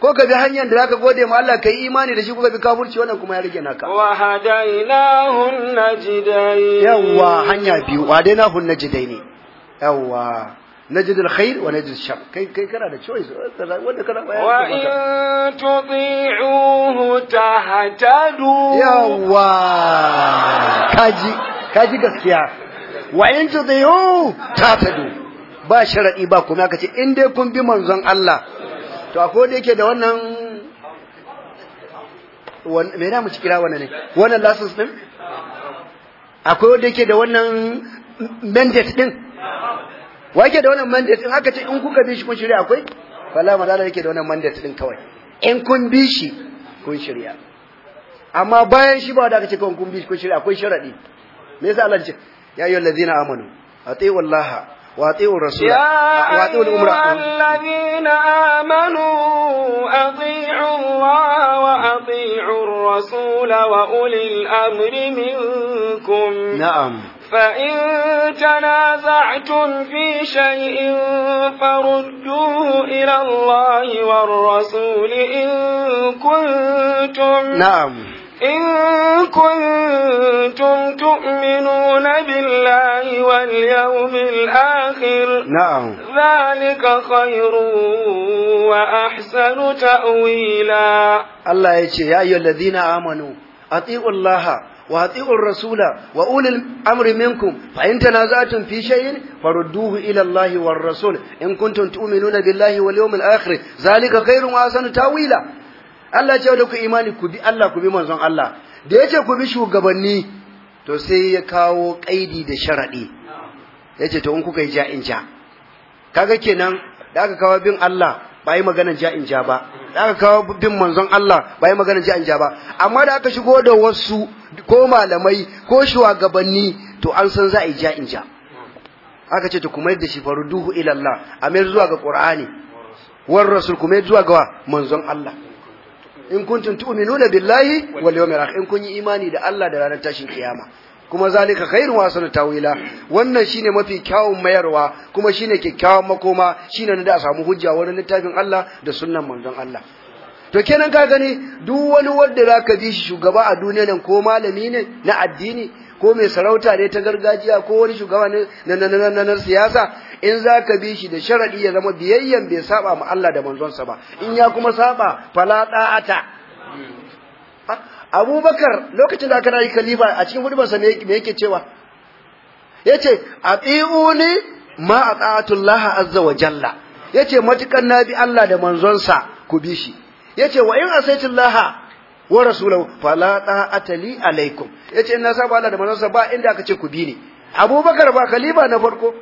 ko ka bi hanyar da zaka gode ma Allah ka yi imani da shi kuma bi kafurci wannan kuma ya rage naka wa hadainahun najdain yawa hanya biyu wa hadainahun najdain yawa نجد الخير ونجد الشر كيف كيف كنا ده choice وده كنا وإن تطيعوه تهتدوا الله كاجي كاجي gaskiya وإن تطيعوه تهتدوا ba sharadi ba kuma aka ce in dai kun bi manzon Allah to akwai da wannan me na mu kira wannan ne wannan license din akwai wanda yake da wannan mandate din wa yake da wannan mandate din aka ce in kuka bi shi kun shirya akwai wallahi madalla yake da wannan mandate din kawai in kun bi shi kun shirya amma bayan shi ba da kace ce kun bi shi kun shirya akwai sharadi me yasa Allah ya ce ya ayyuhal ladina amanu atii wallaha wa atiiu rasul wa atii al-umra ya amanu atiiu Allah wa atiiu ar-rasul wa ulil amri minkum na'am فإن تنازعتم في شيء فردوه إلى الله والرسول إن كنتم نعم إن كنتم تؤمنون بالله واليوم الآخر نعم ذلك خير وأحسن تأويلا الله يا أيها الذين آمنوا أطيعوا الله wa ati'ur rasula wa ulil amri minkum fa in tanaza'tum fi shay'in farudduhu ila Allah war rasul in kuntum tu'minuna billahi wal yawmil akhir zalika khairun wa ahsanu tawila Allah ce da ku imani ku bi Allah ku bi manzon Allah da yace ku bi shugabanni to sai ya kawo kaidi da sharadi yace to in kuka yi ja inca? ja kaga kenan da aka kawo bin Allah ba yi maganar ja in ja ba da aka kawo bin manzon Allah ba yi maganar ja in ja ba amma da aka shigo da wasu ko malamai ko shugabanni to an san za a yi ja in ja aka ce to kuma yadda shi faru duhu ilallah a mai zuwa ga qur'ani war rasul kuma zuwa ga manzon Allah in kuntum tu'minuna billahi wal yawmil akhir in kun yi imani da Allah da ranar tashin kiyama kuma zalika khairun na tawila wannan shine mafi kyawun mayarwa kuma shine kyakkyawan makoma shine da a samu hujja wurin littafin Allah da sunnan manzon Allah to kenan ka gani duk wani wanda zaka bi shi shugaba a duniya nan ko malami ne na addini ko mai sarauta ne ta gargajiya ko wani shugaba na siyasa in zaka bi shi da sharaɗi ya zama biyayyen bai saba ma Allah da manzon sa ba in ya kuma saba fala ɗa'ata abubakar lokacin da aka rayu kalifa a cikin hudubarsa me yake cewa ya ce a tsi'uni ma a tsa'atullaha azza wa jalla ya ce matukan na bi Allah da manzonsa ku bi shi ya ce wa in a laha wa rasulahu fala ta'ata li alaikum ya ce ina saba Allah da manzonsa ba inda aka ce ku bi ni abubakar ba kalifa na farko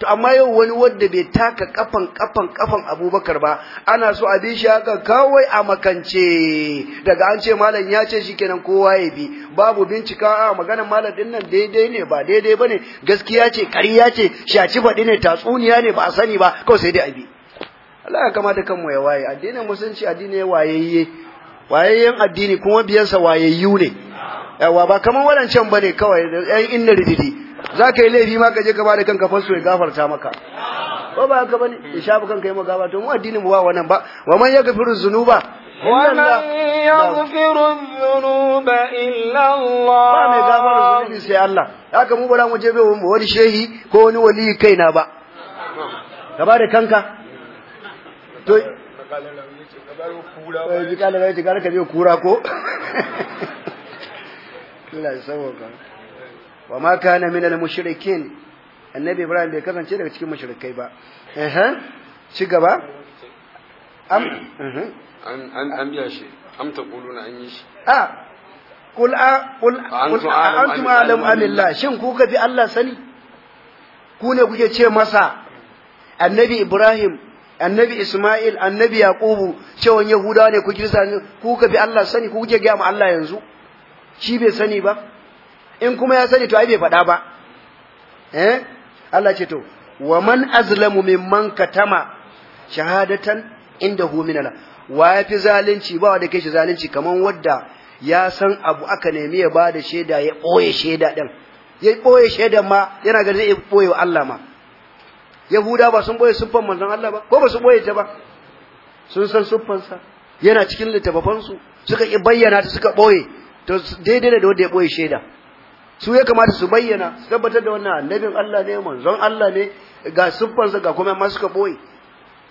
to amma yau wani wanda bai taka kafan kafan kafan abubakar ba ana so a bi shi haka kawai a makance daga an ce malam ya ce shikenan kowa ya bi babu bincika a maganar malam din nan daidai ne ba daidai bane gaskiya ce ƙarya ce shaci faɗi ne tatsuniya ne ba a sani ba kawai sai dai a bi Allah ya kamata kanmu ya waye addinin musulunci addini ya wayayye wayayyen addini kuma biyansa wayayyu ne yawa ba kamar ba bane kawai yan inna rididi za ka yi laifi ma ka je ka ba da kanka fasu ya gafarta maka ko ba haka bane ya shafa kanka yi magaba to mu addinin mu ba wannan ba wa man yaghfiru dhunuba ومن يغفر الذنوب إلا الله ba mai gafara zunubi sai Allah je bai mu shehi ko wani kaina ba ka kanka wa ma kana min al-mushrikin annabi ibrahim bai kasance daga cikin mushrikai ba eh ci gaba am an an am ya shi am quluna an yi shi a qul a qul antum alam amillah shin ku ka bi Allah sani ku ne kuke ce masa annabi ibrahim annabi Ismail, annabi Yaqubu, cewan Yahudawa ne ku kirsa ku ka bi Allah sani, ku kuke ga mu Allah yanzu, shi bai sani ba. in kuma ya sani to ai bai faɗa ba eh Allah ce to wa man azlamu mimman katama shahadatan inda min Allah wa yafi zalunci ba wanda kai shi zalunci kaman wanda ya san abu aka nemi ya bada sheda ya boye sheda din ya boye sheda ma yana ga zai boye wa Allah ma Yahuda ba sun boye sunfan manzon Allah ba ko ba su boye ta ba sun san sa. yana cikin su suka bayyana ta suka boye to daidai ne da wanda ya boye sheda su ya kamata su bayyana su tabbatar da wannan annabin Allah ne manzon Allah ne ga siffarsa ga kuma masu ka boye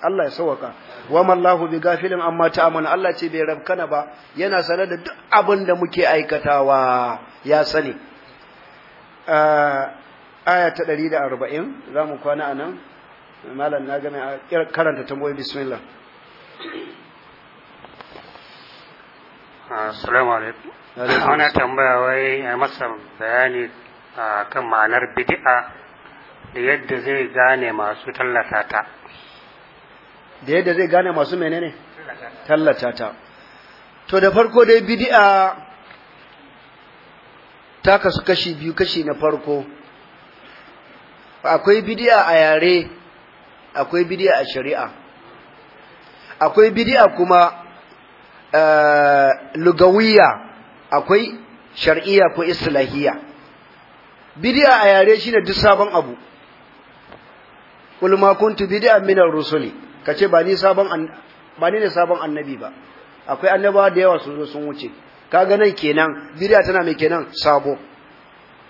Allah ya sauka wa mallahu bi gafilin amma ta'amana Allah ce bai rabkana ba yana sanar da duk abin da muke aikatawa ya sani aya ta 140 zamu kwana anan malam na game karanta tambayoyi bismillah assalamu alaikum ana tambaya wai a masa bayani a kan ma'anar bid'a da yadda zai gane masu tallata ta da yadda zai gane masu menene tallata ta to da farko dai bid'a ta kasu kashi biyu kashi na farko akwai bid'a a yare akwai bid'a a shari'a akwai bid'a kuma eh, lugawiya akwai shar'iyya ko islahiyya bid'a a yare shine duk sabon abu kulma kuntu bid'a min ar rusuli kace ba ni sabon ba ni ne sabon annabi ba akwai annabawa da yawa sun zo sun wuce kaga nan kenan bid'a tana mai kenan sabo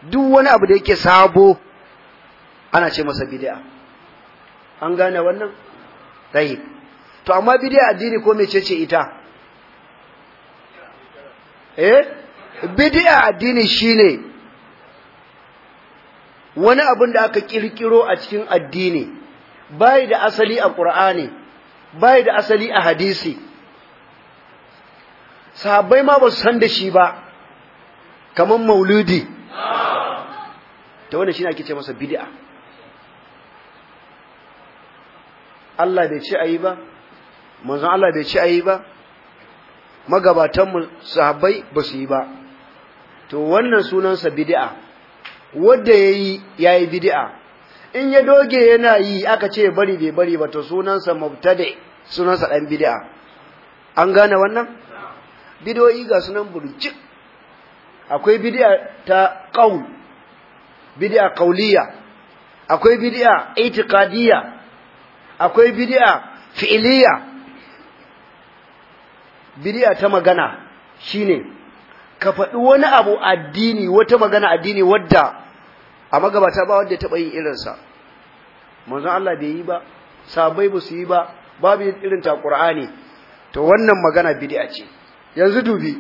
duk wani abu da yake sabo ana ce masa bid'a an gane wannan tayyib to amma bid'a addini ko mecece ita bidi'a eh? bid'a addini shine wani abin da aka kirkiro a cikin addini bai da asali a Qur'ani bai da asali a hadisi sahabbai ma ba su san da shi ba kamar mauludi ta shi shine ake ce masa bid'a Allah bai ce ayi ba manzon Allah bai ce ayi ba magabatanmu sahabbai ba su yi ba to wannan sunansa bid'a wanda yayi yayi bid'a in ya doge yana yi aka ce bari bai bari ba to sunansa mubtadi sunansa dan bid'a an gane wannan bidoyi ga sunan burji akwai bid'a ta qaul bid'a qauliyya akwai bid'a itiqadiyya akwai bid'a fi'iliya. bidiya ta magana shine ka faɗi wani abu addini wata magana addini wadda a magabata ba wanda ya taɓa yin irinsa manzon Allah bai yi ba sabai ba su yi ba babu irin ta Qur'ani to wannan magana bidiya ce yanzu dubi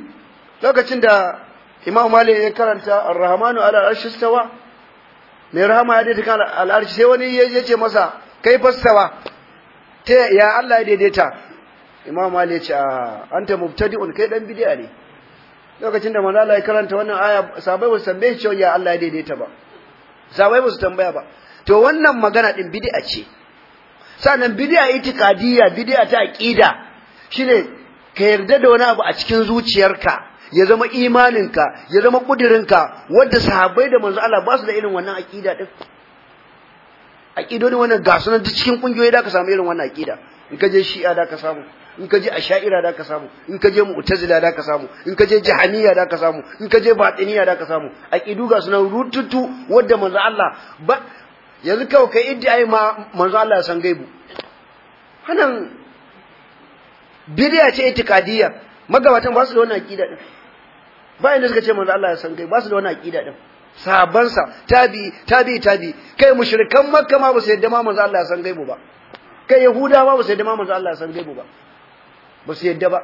lokacin da Imam Malik ya karanta Ar-Rahmanu ala mai rahama ya daidaita kan al sai wani ya ce masa kai fassawa ta ya Allah ya daidaita imam ali yace a ah, anta mubtadi'un kai dan bid'a ne lokacin da manzo Allah ya karanta wannan aya sabai ba su tambaye cewa ya Allah ya daidaita ba sabai ba su tambaya ba to wannan magana din bid'a ce sannan bid'a itikadiyya bid'a ta aqida shine ka yarda da wani abu a cikin zuciyarka ya zama imaninka ya zama kudirinka wanda sahabbai da manzo Allah ba su da irin wannan aqida din aqidoni wannan ga sunan cikin kungiyoyi da ka samu irin wannan aqida in ka je shi'a da ka samu in ka je asha'ira da ka samu in ka je mu'tazila da ka samu in ka je jahaniya da ka samu in ka je batiniya da ka samu aqidu ga sunan rututu wanda manzo Allah ba yanzu kawai kai iddi ai ma manzo Allah ya san gaibu hanan bidiya ce itikadiyya magabatan ba su da wannan aqida din ba inda suka ce manzo Allah ya san gaibu ba su da wannan aqida din sa tabi tabi tabi kai mushrikan makka ma ba su yadda ma manzo Allah ya san gaibu ba kai yahuda ma ba su yadda ma manzo Allah ya san gaibu ba ba su yadda ba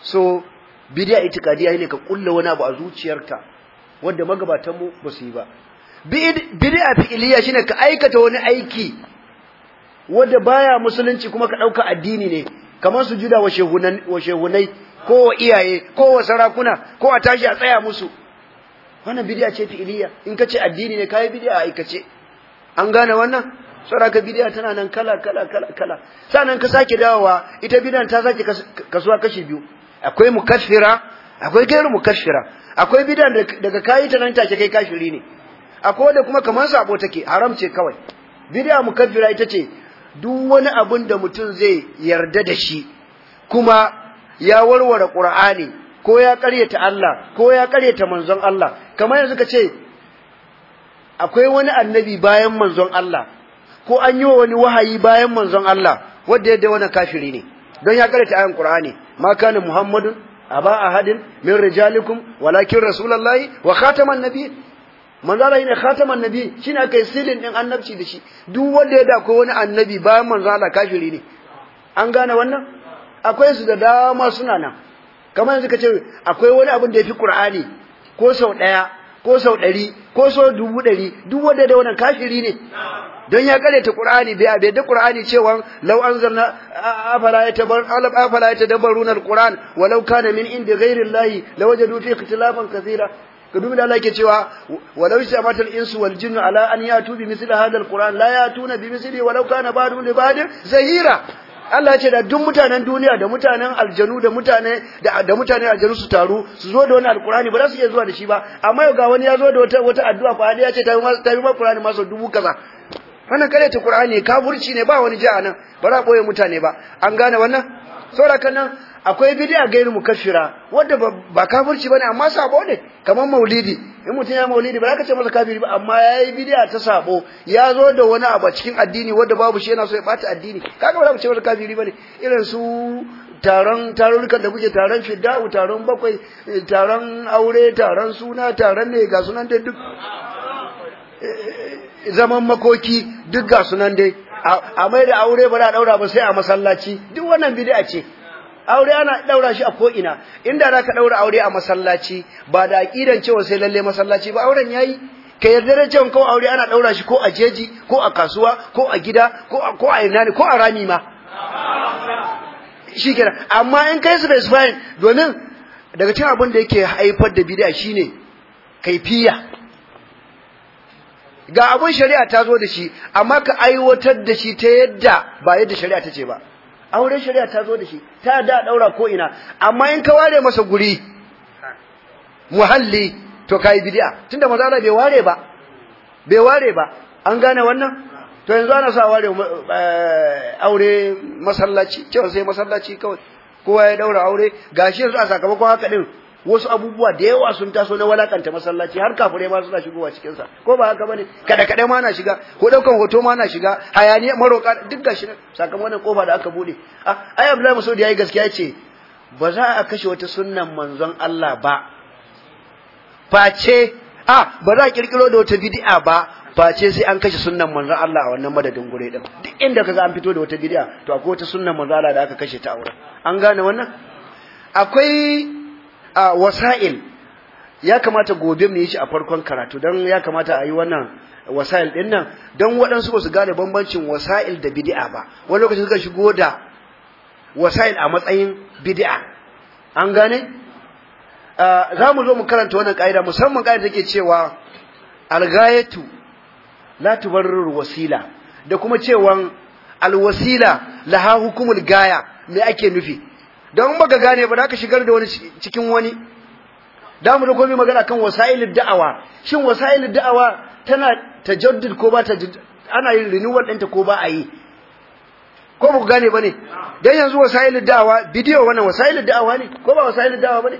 so bid'a itikadiya ne ka kulla wani abu a zuciyarka wanda magabatan mu ba su yi ba bid'a fi'liya shine ka aikata wani aiki wanda baya musulunci kuma ka dauka addini ne kamar sujuda wa shehunan wa shehunai ko wa iyaye ko wa sarakuna ko a tashi a tsaya musu wannan bid'a ce fi'liya in ka ce addini ne kai bid'a aikace an gane wannan saboda bid'a tana nan kala kala kala kala sanan ka sake dawowa ita bid'an ta sake kasuwa kashi biyu akwai mukaffira akwai gairu mukaffira akwai bid'an daga kayi ta nan take kai kashiri ne akwai da kuma kamar sabo take haram ce kawai bid'a mukaffira ita ce duk wani abun da mutum zai yarda da shi kuma ya warware qur'ani ko ya karyata Allah ko ya karyata manzon Allah kamar yanzu ka ce akwai wani annabi bayan manzon Allah ko an yi wa wani wahayi bayan manzon Allah wanda yadda wani kafiri ne don ya karanta ayan Qur'ani ma kana Muhammadun aba ahadin min rijalikum walakin rasulullahi wa khataman nabiy manzo Allah ne khataman nabiy shine akai silin din annabci da shi duk wanda ya da ko wani annabi bayan manzon Allah kafiri ne an gane wannan akwai su da dama suna nan kamar yanzu ka ce akwai wani abin da yafi Qur'ani ko sau daya ko sau ɗari ko sau dubu ɗari duk wanda da wannan kafiri ne don ya ta qur'ani bai abe da qur'ani cewa law anzalna afala yatabar alab afala yatadabbaruna alquran walau kana min indi ghairi allahi lawajadu fi ikhtilafan kathira ka dubi da Allah yake cewa walau shamata al-insu wal jinnu ala an yatu bi hadha la yatuna bi walau kana ba'du li zahira Allah ya ce da duk mutanen duniya da mutanen aljanu da mutane da da mutanen aljanu su taru su zo da wani alkurani ba za su iya zuwa da shi ba amma yau ga wani ya zo da wata wata addu'a fa ya ce ta yi ma kurani ma dubu kaza wannan kare ta kurani kafurci ne ba wani ji a nan ba za a ɓoye mutane ba an gane wannan saboda kan nan akwai bid'a gairu mukaffira wanda ba kafirci bane amma sabo ne kamar maulidi in mutum ya maulidi ba za ka ce masa kafiri ba amma yayi bid'a ta sabo ya zo da wani abu cikin addini wanda babu shi yana so ya bata addini kaga ba za ka ce masa kafiri bane irin su taron tarurrukan da kuke taron fidda'u taron bakwai eh, taron aure taron suna taron ne ga sunan dai duk eh, eh, zaman makoki duk ga sunan dai a mai da aure ba za a daura ba sai a masallaci duk wannan bid'a ce aure ana daura shi a ko ina inda ka daura aure a masallaci ba da aqidan cewa sai lalle masallaci ba auren yayi ka yarda da cewa ko aure ana daura shi ko a jeji ko a kasuwa ko a gida ko a ko a ina ne ko a rami ma kenan amma in kai su fine. domin daga cikin abin da yake haifar da bid'a shine kaifiya ga abin shari'a ta zo da shi amma ka aiwatar da shi ta yadda ba yadda shari'a ta ce ba auren shari'a ta zo da shi ta da daura ko ina amma in ka ware masa guri muhalli to kai bid'a tunda maza bai ware ba bai ware ba an gane wannan to yanzu ana sa ware eh, aure masallaci cewa sai masallaci kawai kowa ya daura aure gashi yanzu a sakamakon haka din wasu abubuwa da yawa sun taso na walakanta masallaci har kafirai ma suna shigowa cikin sa ko ba haka bane kada kada ma na shiga ko daukan hoto ma na shiga hayaniya maroka duk gashi sakamakon kofa da aka bude ah ai Abdullahi Masudi yayi gaskiya ce ba za a kashe wata sunnan manzon Allah ba face ah ba za a kirkiro da wata bid'a ba face sai an kashe sunnan manzon Allah a wannan madadin gure din duk inda kaza an fito da wata bid'a to akwai wata sunnan manzon Allah da aka kashe ta aure. an gane wannan akwai A wasa'il ya kamata gobe mu yi shi a farkon karatu don ya kamata a yi wannan wasa'il ɗin nan don waɗansu ba su gane bambancin wasa'il da bidi'a ba wani lokacin suka shigo da wasa'il a matsayin bidi'a an gane za mu zo mu karanta wannan ƙa'ida musamman ƙa'ida take cewa algayatu la tubarrir wasila da kuma cewan alwasila laha hukumul gaya me ake nufi don baka gane ba ka shigar da wani cikin wani da mu da komai magana kan wasa'ilin da'awa shin wasa'ilin da'awa tana tajaddud ko ba tajaddud ana yin renewal ɗinta ko ba a yi ko ba ku gane ba ne don yanzu wasa'ilin da'awa bidiyo wannan wasa'ilin da'awa ne ko ba wasa'ilin da'awa ba ne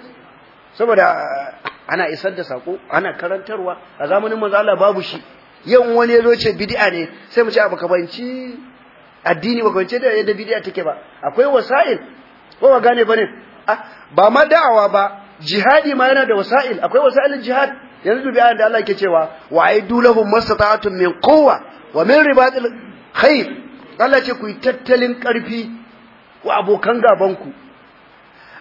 saboda uh, ana isar da sako ana karantarwa a zamanin manzo Allah babu shi yau wani ya zo ce bid'a ne sai mu ce a baka addini baka bance da yadda bid'a take ba akwai wasail ko ba gane bane ba ma da'awa ba jihadi ma yana da wasa'il akwai wasa'ilin jihad yanzu dubi ayan da Allah yake cewa wa aidu lahum mastata'atun min quwwa wa min ribatil khayl Allah ce ku tattalin karfi ku abokan gaban ku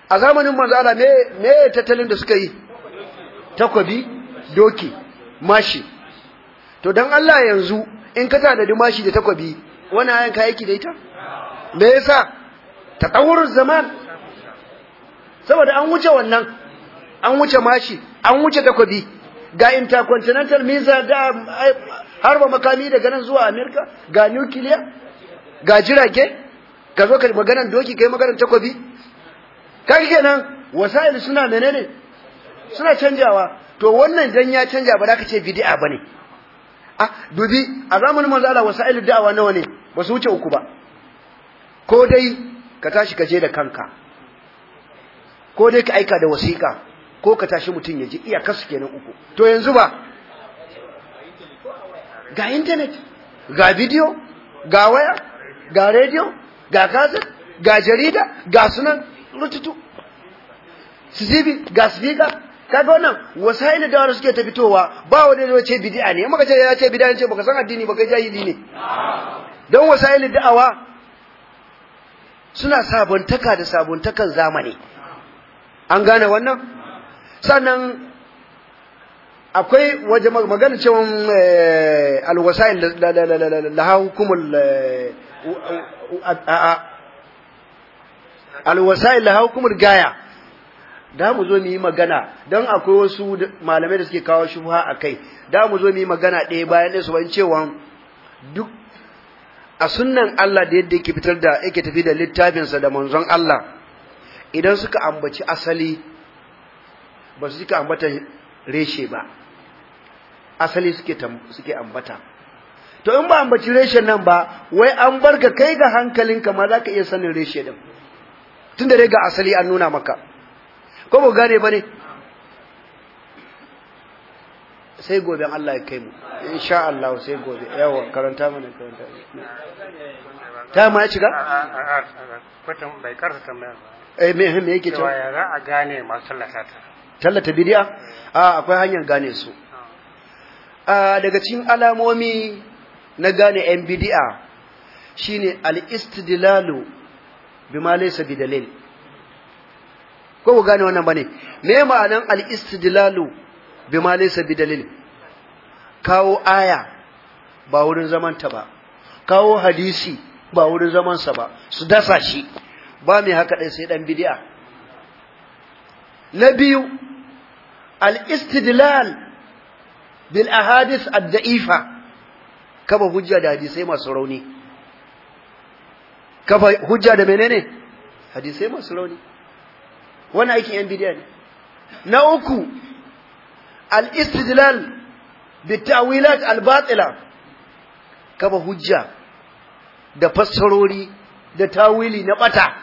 a zamanin manzo Allah me me tattalin da suka yi takobi doki mashi to dan Allah yanzu in ka tada mashi da takobi wani ayan ka yake da ita me yasa tatawurur zaman saboda an wuce wannan an wuce mashi an wuce takobi ga intercontinental visa da harba makami daga nan zuwa Amerika ga nuclear ga jirage ka zo ka maganar doki kai maganar takobi kaga kenan wasa'il suna menene suna canjawa to wannan dan ya canja ba za ka ce bid'a bane ah dubi a zamanin manzo Allah wasa'il da'awa nawa ne ba su wuce uku ba ko dai ka tashi ka je da kanka ko dai ka aika da wasiƙa ko ka tashi mutum ya ji iyakarsu kenan uku to yanzu ba ga intanet ga bidiyo ga waya ga rediyo ga kaza ga jarida ga sunan rututu sizibi ga speaker kaga wannan wasaili da suke ta fitowa ba wani da ce bid'a ne maka ce ya ce bid'a ne ce baka san addini baka jahili ne don wasaili da'awa suna sabuntaka da sabuntakan zamani an gane wannan sannan akwai waje magana cewa eh, alwasail la hukumul eh, alwasail la hukumul gaya da mu zo mu yi magana don akwai wasu malamai da suke kawo shubha akai da mu zo mu yi magana ɗaya bayan ɗaya su ban cewa duk a sunnan Allah da yadda yake fitar da yake tafi da littafinsa da manzon Allah idan suka ambaci asali ba su suka ambata reshe ba asali suke suke ambata to in ba ambaci reshen nan ba wai an barka kai ga hankalinka ma za ka iya sanin reshe din tunda dai ga asali an nuna maka ko ba gane ba ne sai gobe Allah ya kai mu insha Allah sai gobe yawa karanta mana karanta ta ma ya shiga kwatan bai karsa tambaya ba eh me me yake cewa ya za a gane masu tallata ta tallata bid'a a akwai hanyar gane su ah. a daga cikin alamomi na gane yan bid'a shine al-istidlalu bima laysa bidalil ko ku gane wannan bane me ma'anan al-istidlalu bima laysa bidalil kawo aya ba wurin zamanta ba kawo hadisi ba wurin zamansa ba su dasa shi ba mai haka dai sai dan bid'a na biyu al-istidlal bil ahadis ad-da'ifa Kaba hujja da hadisai masu rauni Kaba hujja da menene hadisai masu rauni wannan aikin yan bid'a ne na uku al-istidlal bitawilat al-batila kaba hujja da fassarori da tawili na bata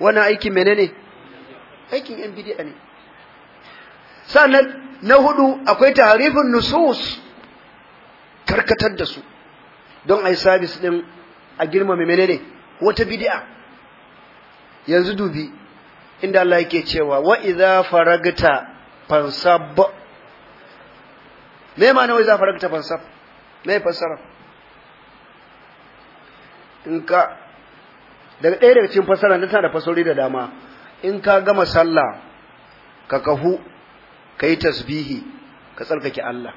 wani aikin menene aikin yan bid'a ne sannan na hudu akwai tahrifin nusus karkatar da su don a yi sabis din a girmama menene wata bidiya yanzu dubi inda Allah yake cewa wa idza faragta fansab me na wai za faragta fansaf me fassara in ka daga ɗaya daga cikin fassara na tana da fasori da dama in ka gama sallah ka kahu ka yi tasbihi ka tsarkake Allah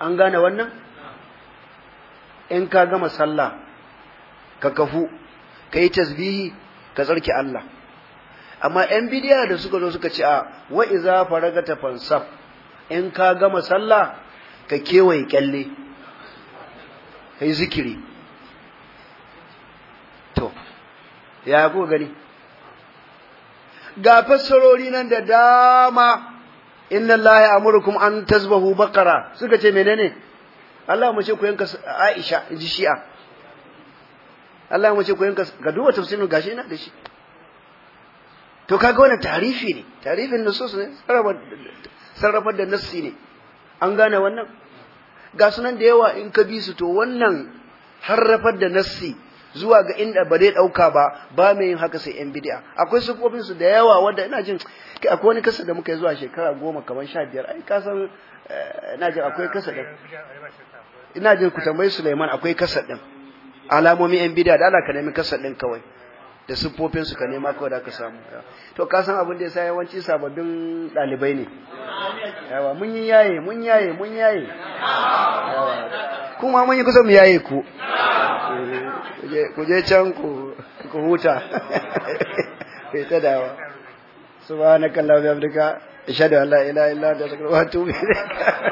an gane wannan in ka gama sallah ka kahu ka yi tasbihi ka tsarki Allah amma ‘yan bidiya da suka zo suka ce a wa'iza faragata fansaf in ka gama sallah ka kewaye kyalle ka yi zikiri to ya ko gani ga fassarori nan da dama inna allaha amurukum an tazbahu baqara suka ce menene Allah mu ce ku yanka Aisha ji Shi'a Allah mu ce ku yanka ga duba tafsirin gashi na da shi to kaga wannan tarifi ne tarifin nusus ne saraba sarrafar da nassi ne an gane wannan ga sunan da yawa in ka bi su to wannan harrafar da nassi zuwa ga inda ba zai dauka ba ba mai yin haka sai yan bid'a akwai sufofin su da yawa wanda ina jin akwai wani kasa da muka yi zuwa shekara goma kamar sha biyar ai ka san eh, ina jin akwai kasa da ina jin ku tambayi Sulaiman akwai kasa din alamomin yan bid'a da Allah ka nemi kasa din kawai da siffofin su ka nema kawai da ka samu to ka san abin da ya sa yawanci sababbin dalibai ne yawa mun yi yaye mun yaye mun yaye kuma mun yi kusa mu yaye ku eh, ku je can ku ku huta kai ta dawa subhanakallahumma wa bihamdika ashhadu an la ilaha illa anta astaghfiruka wa atubu ilaik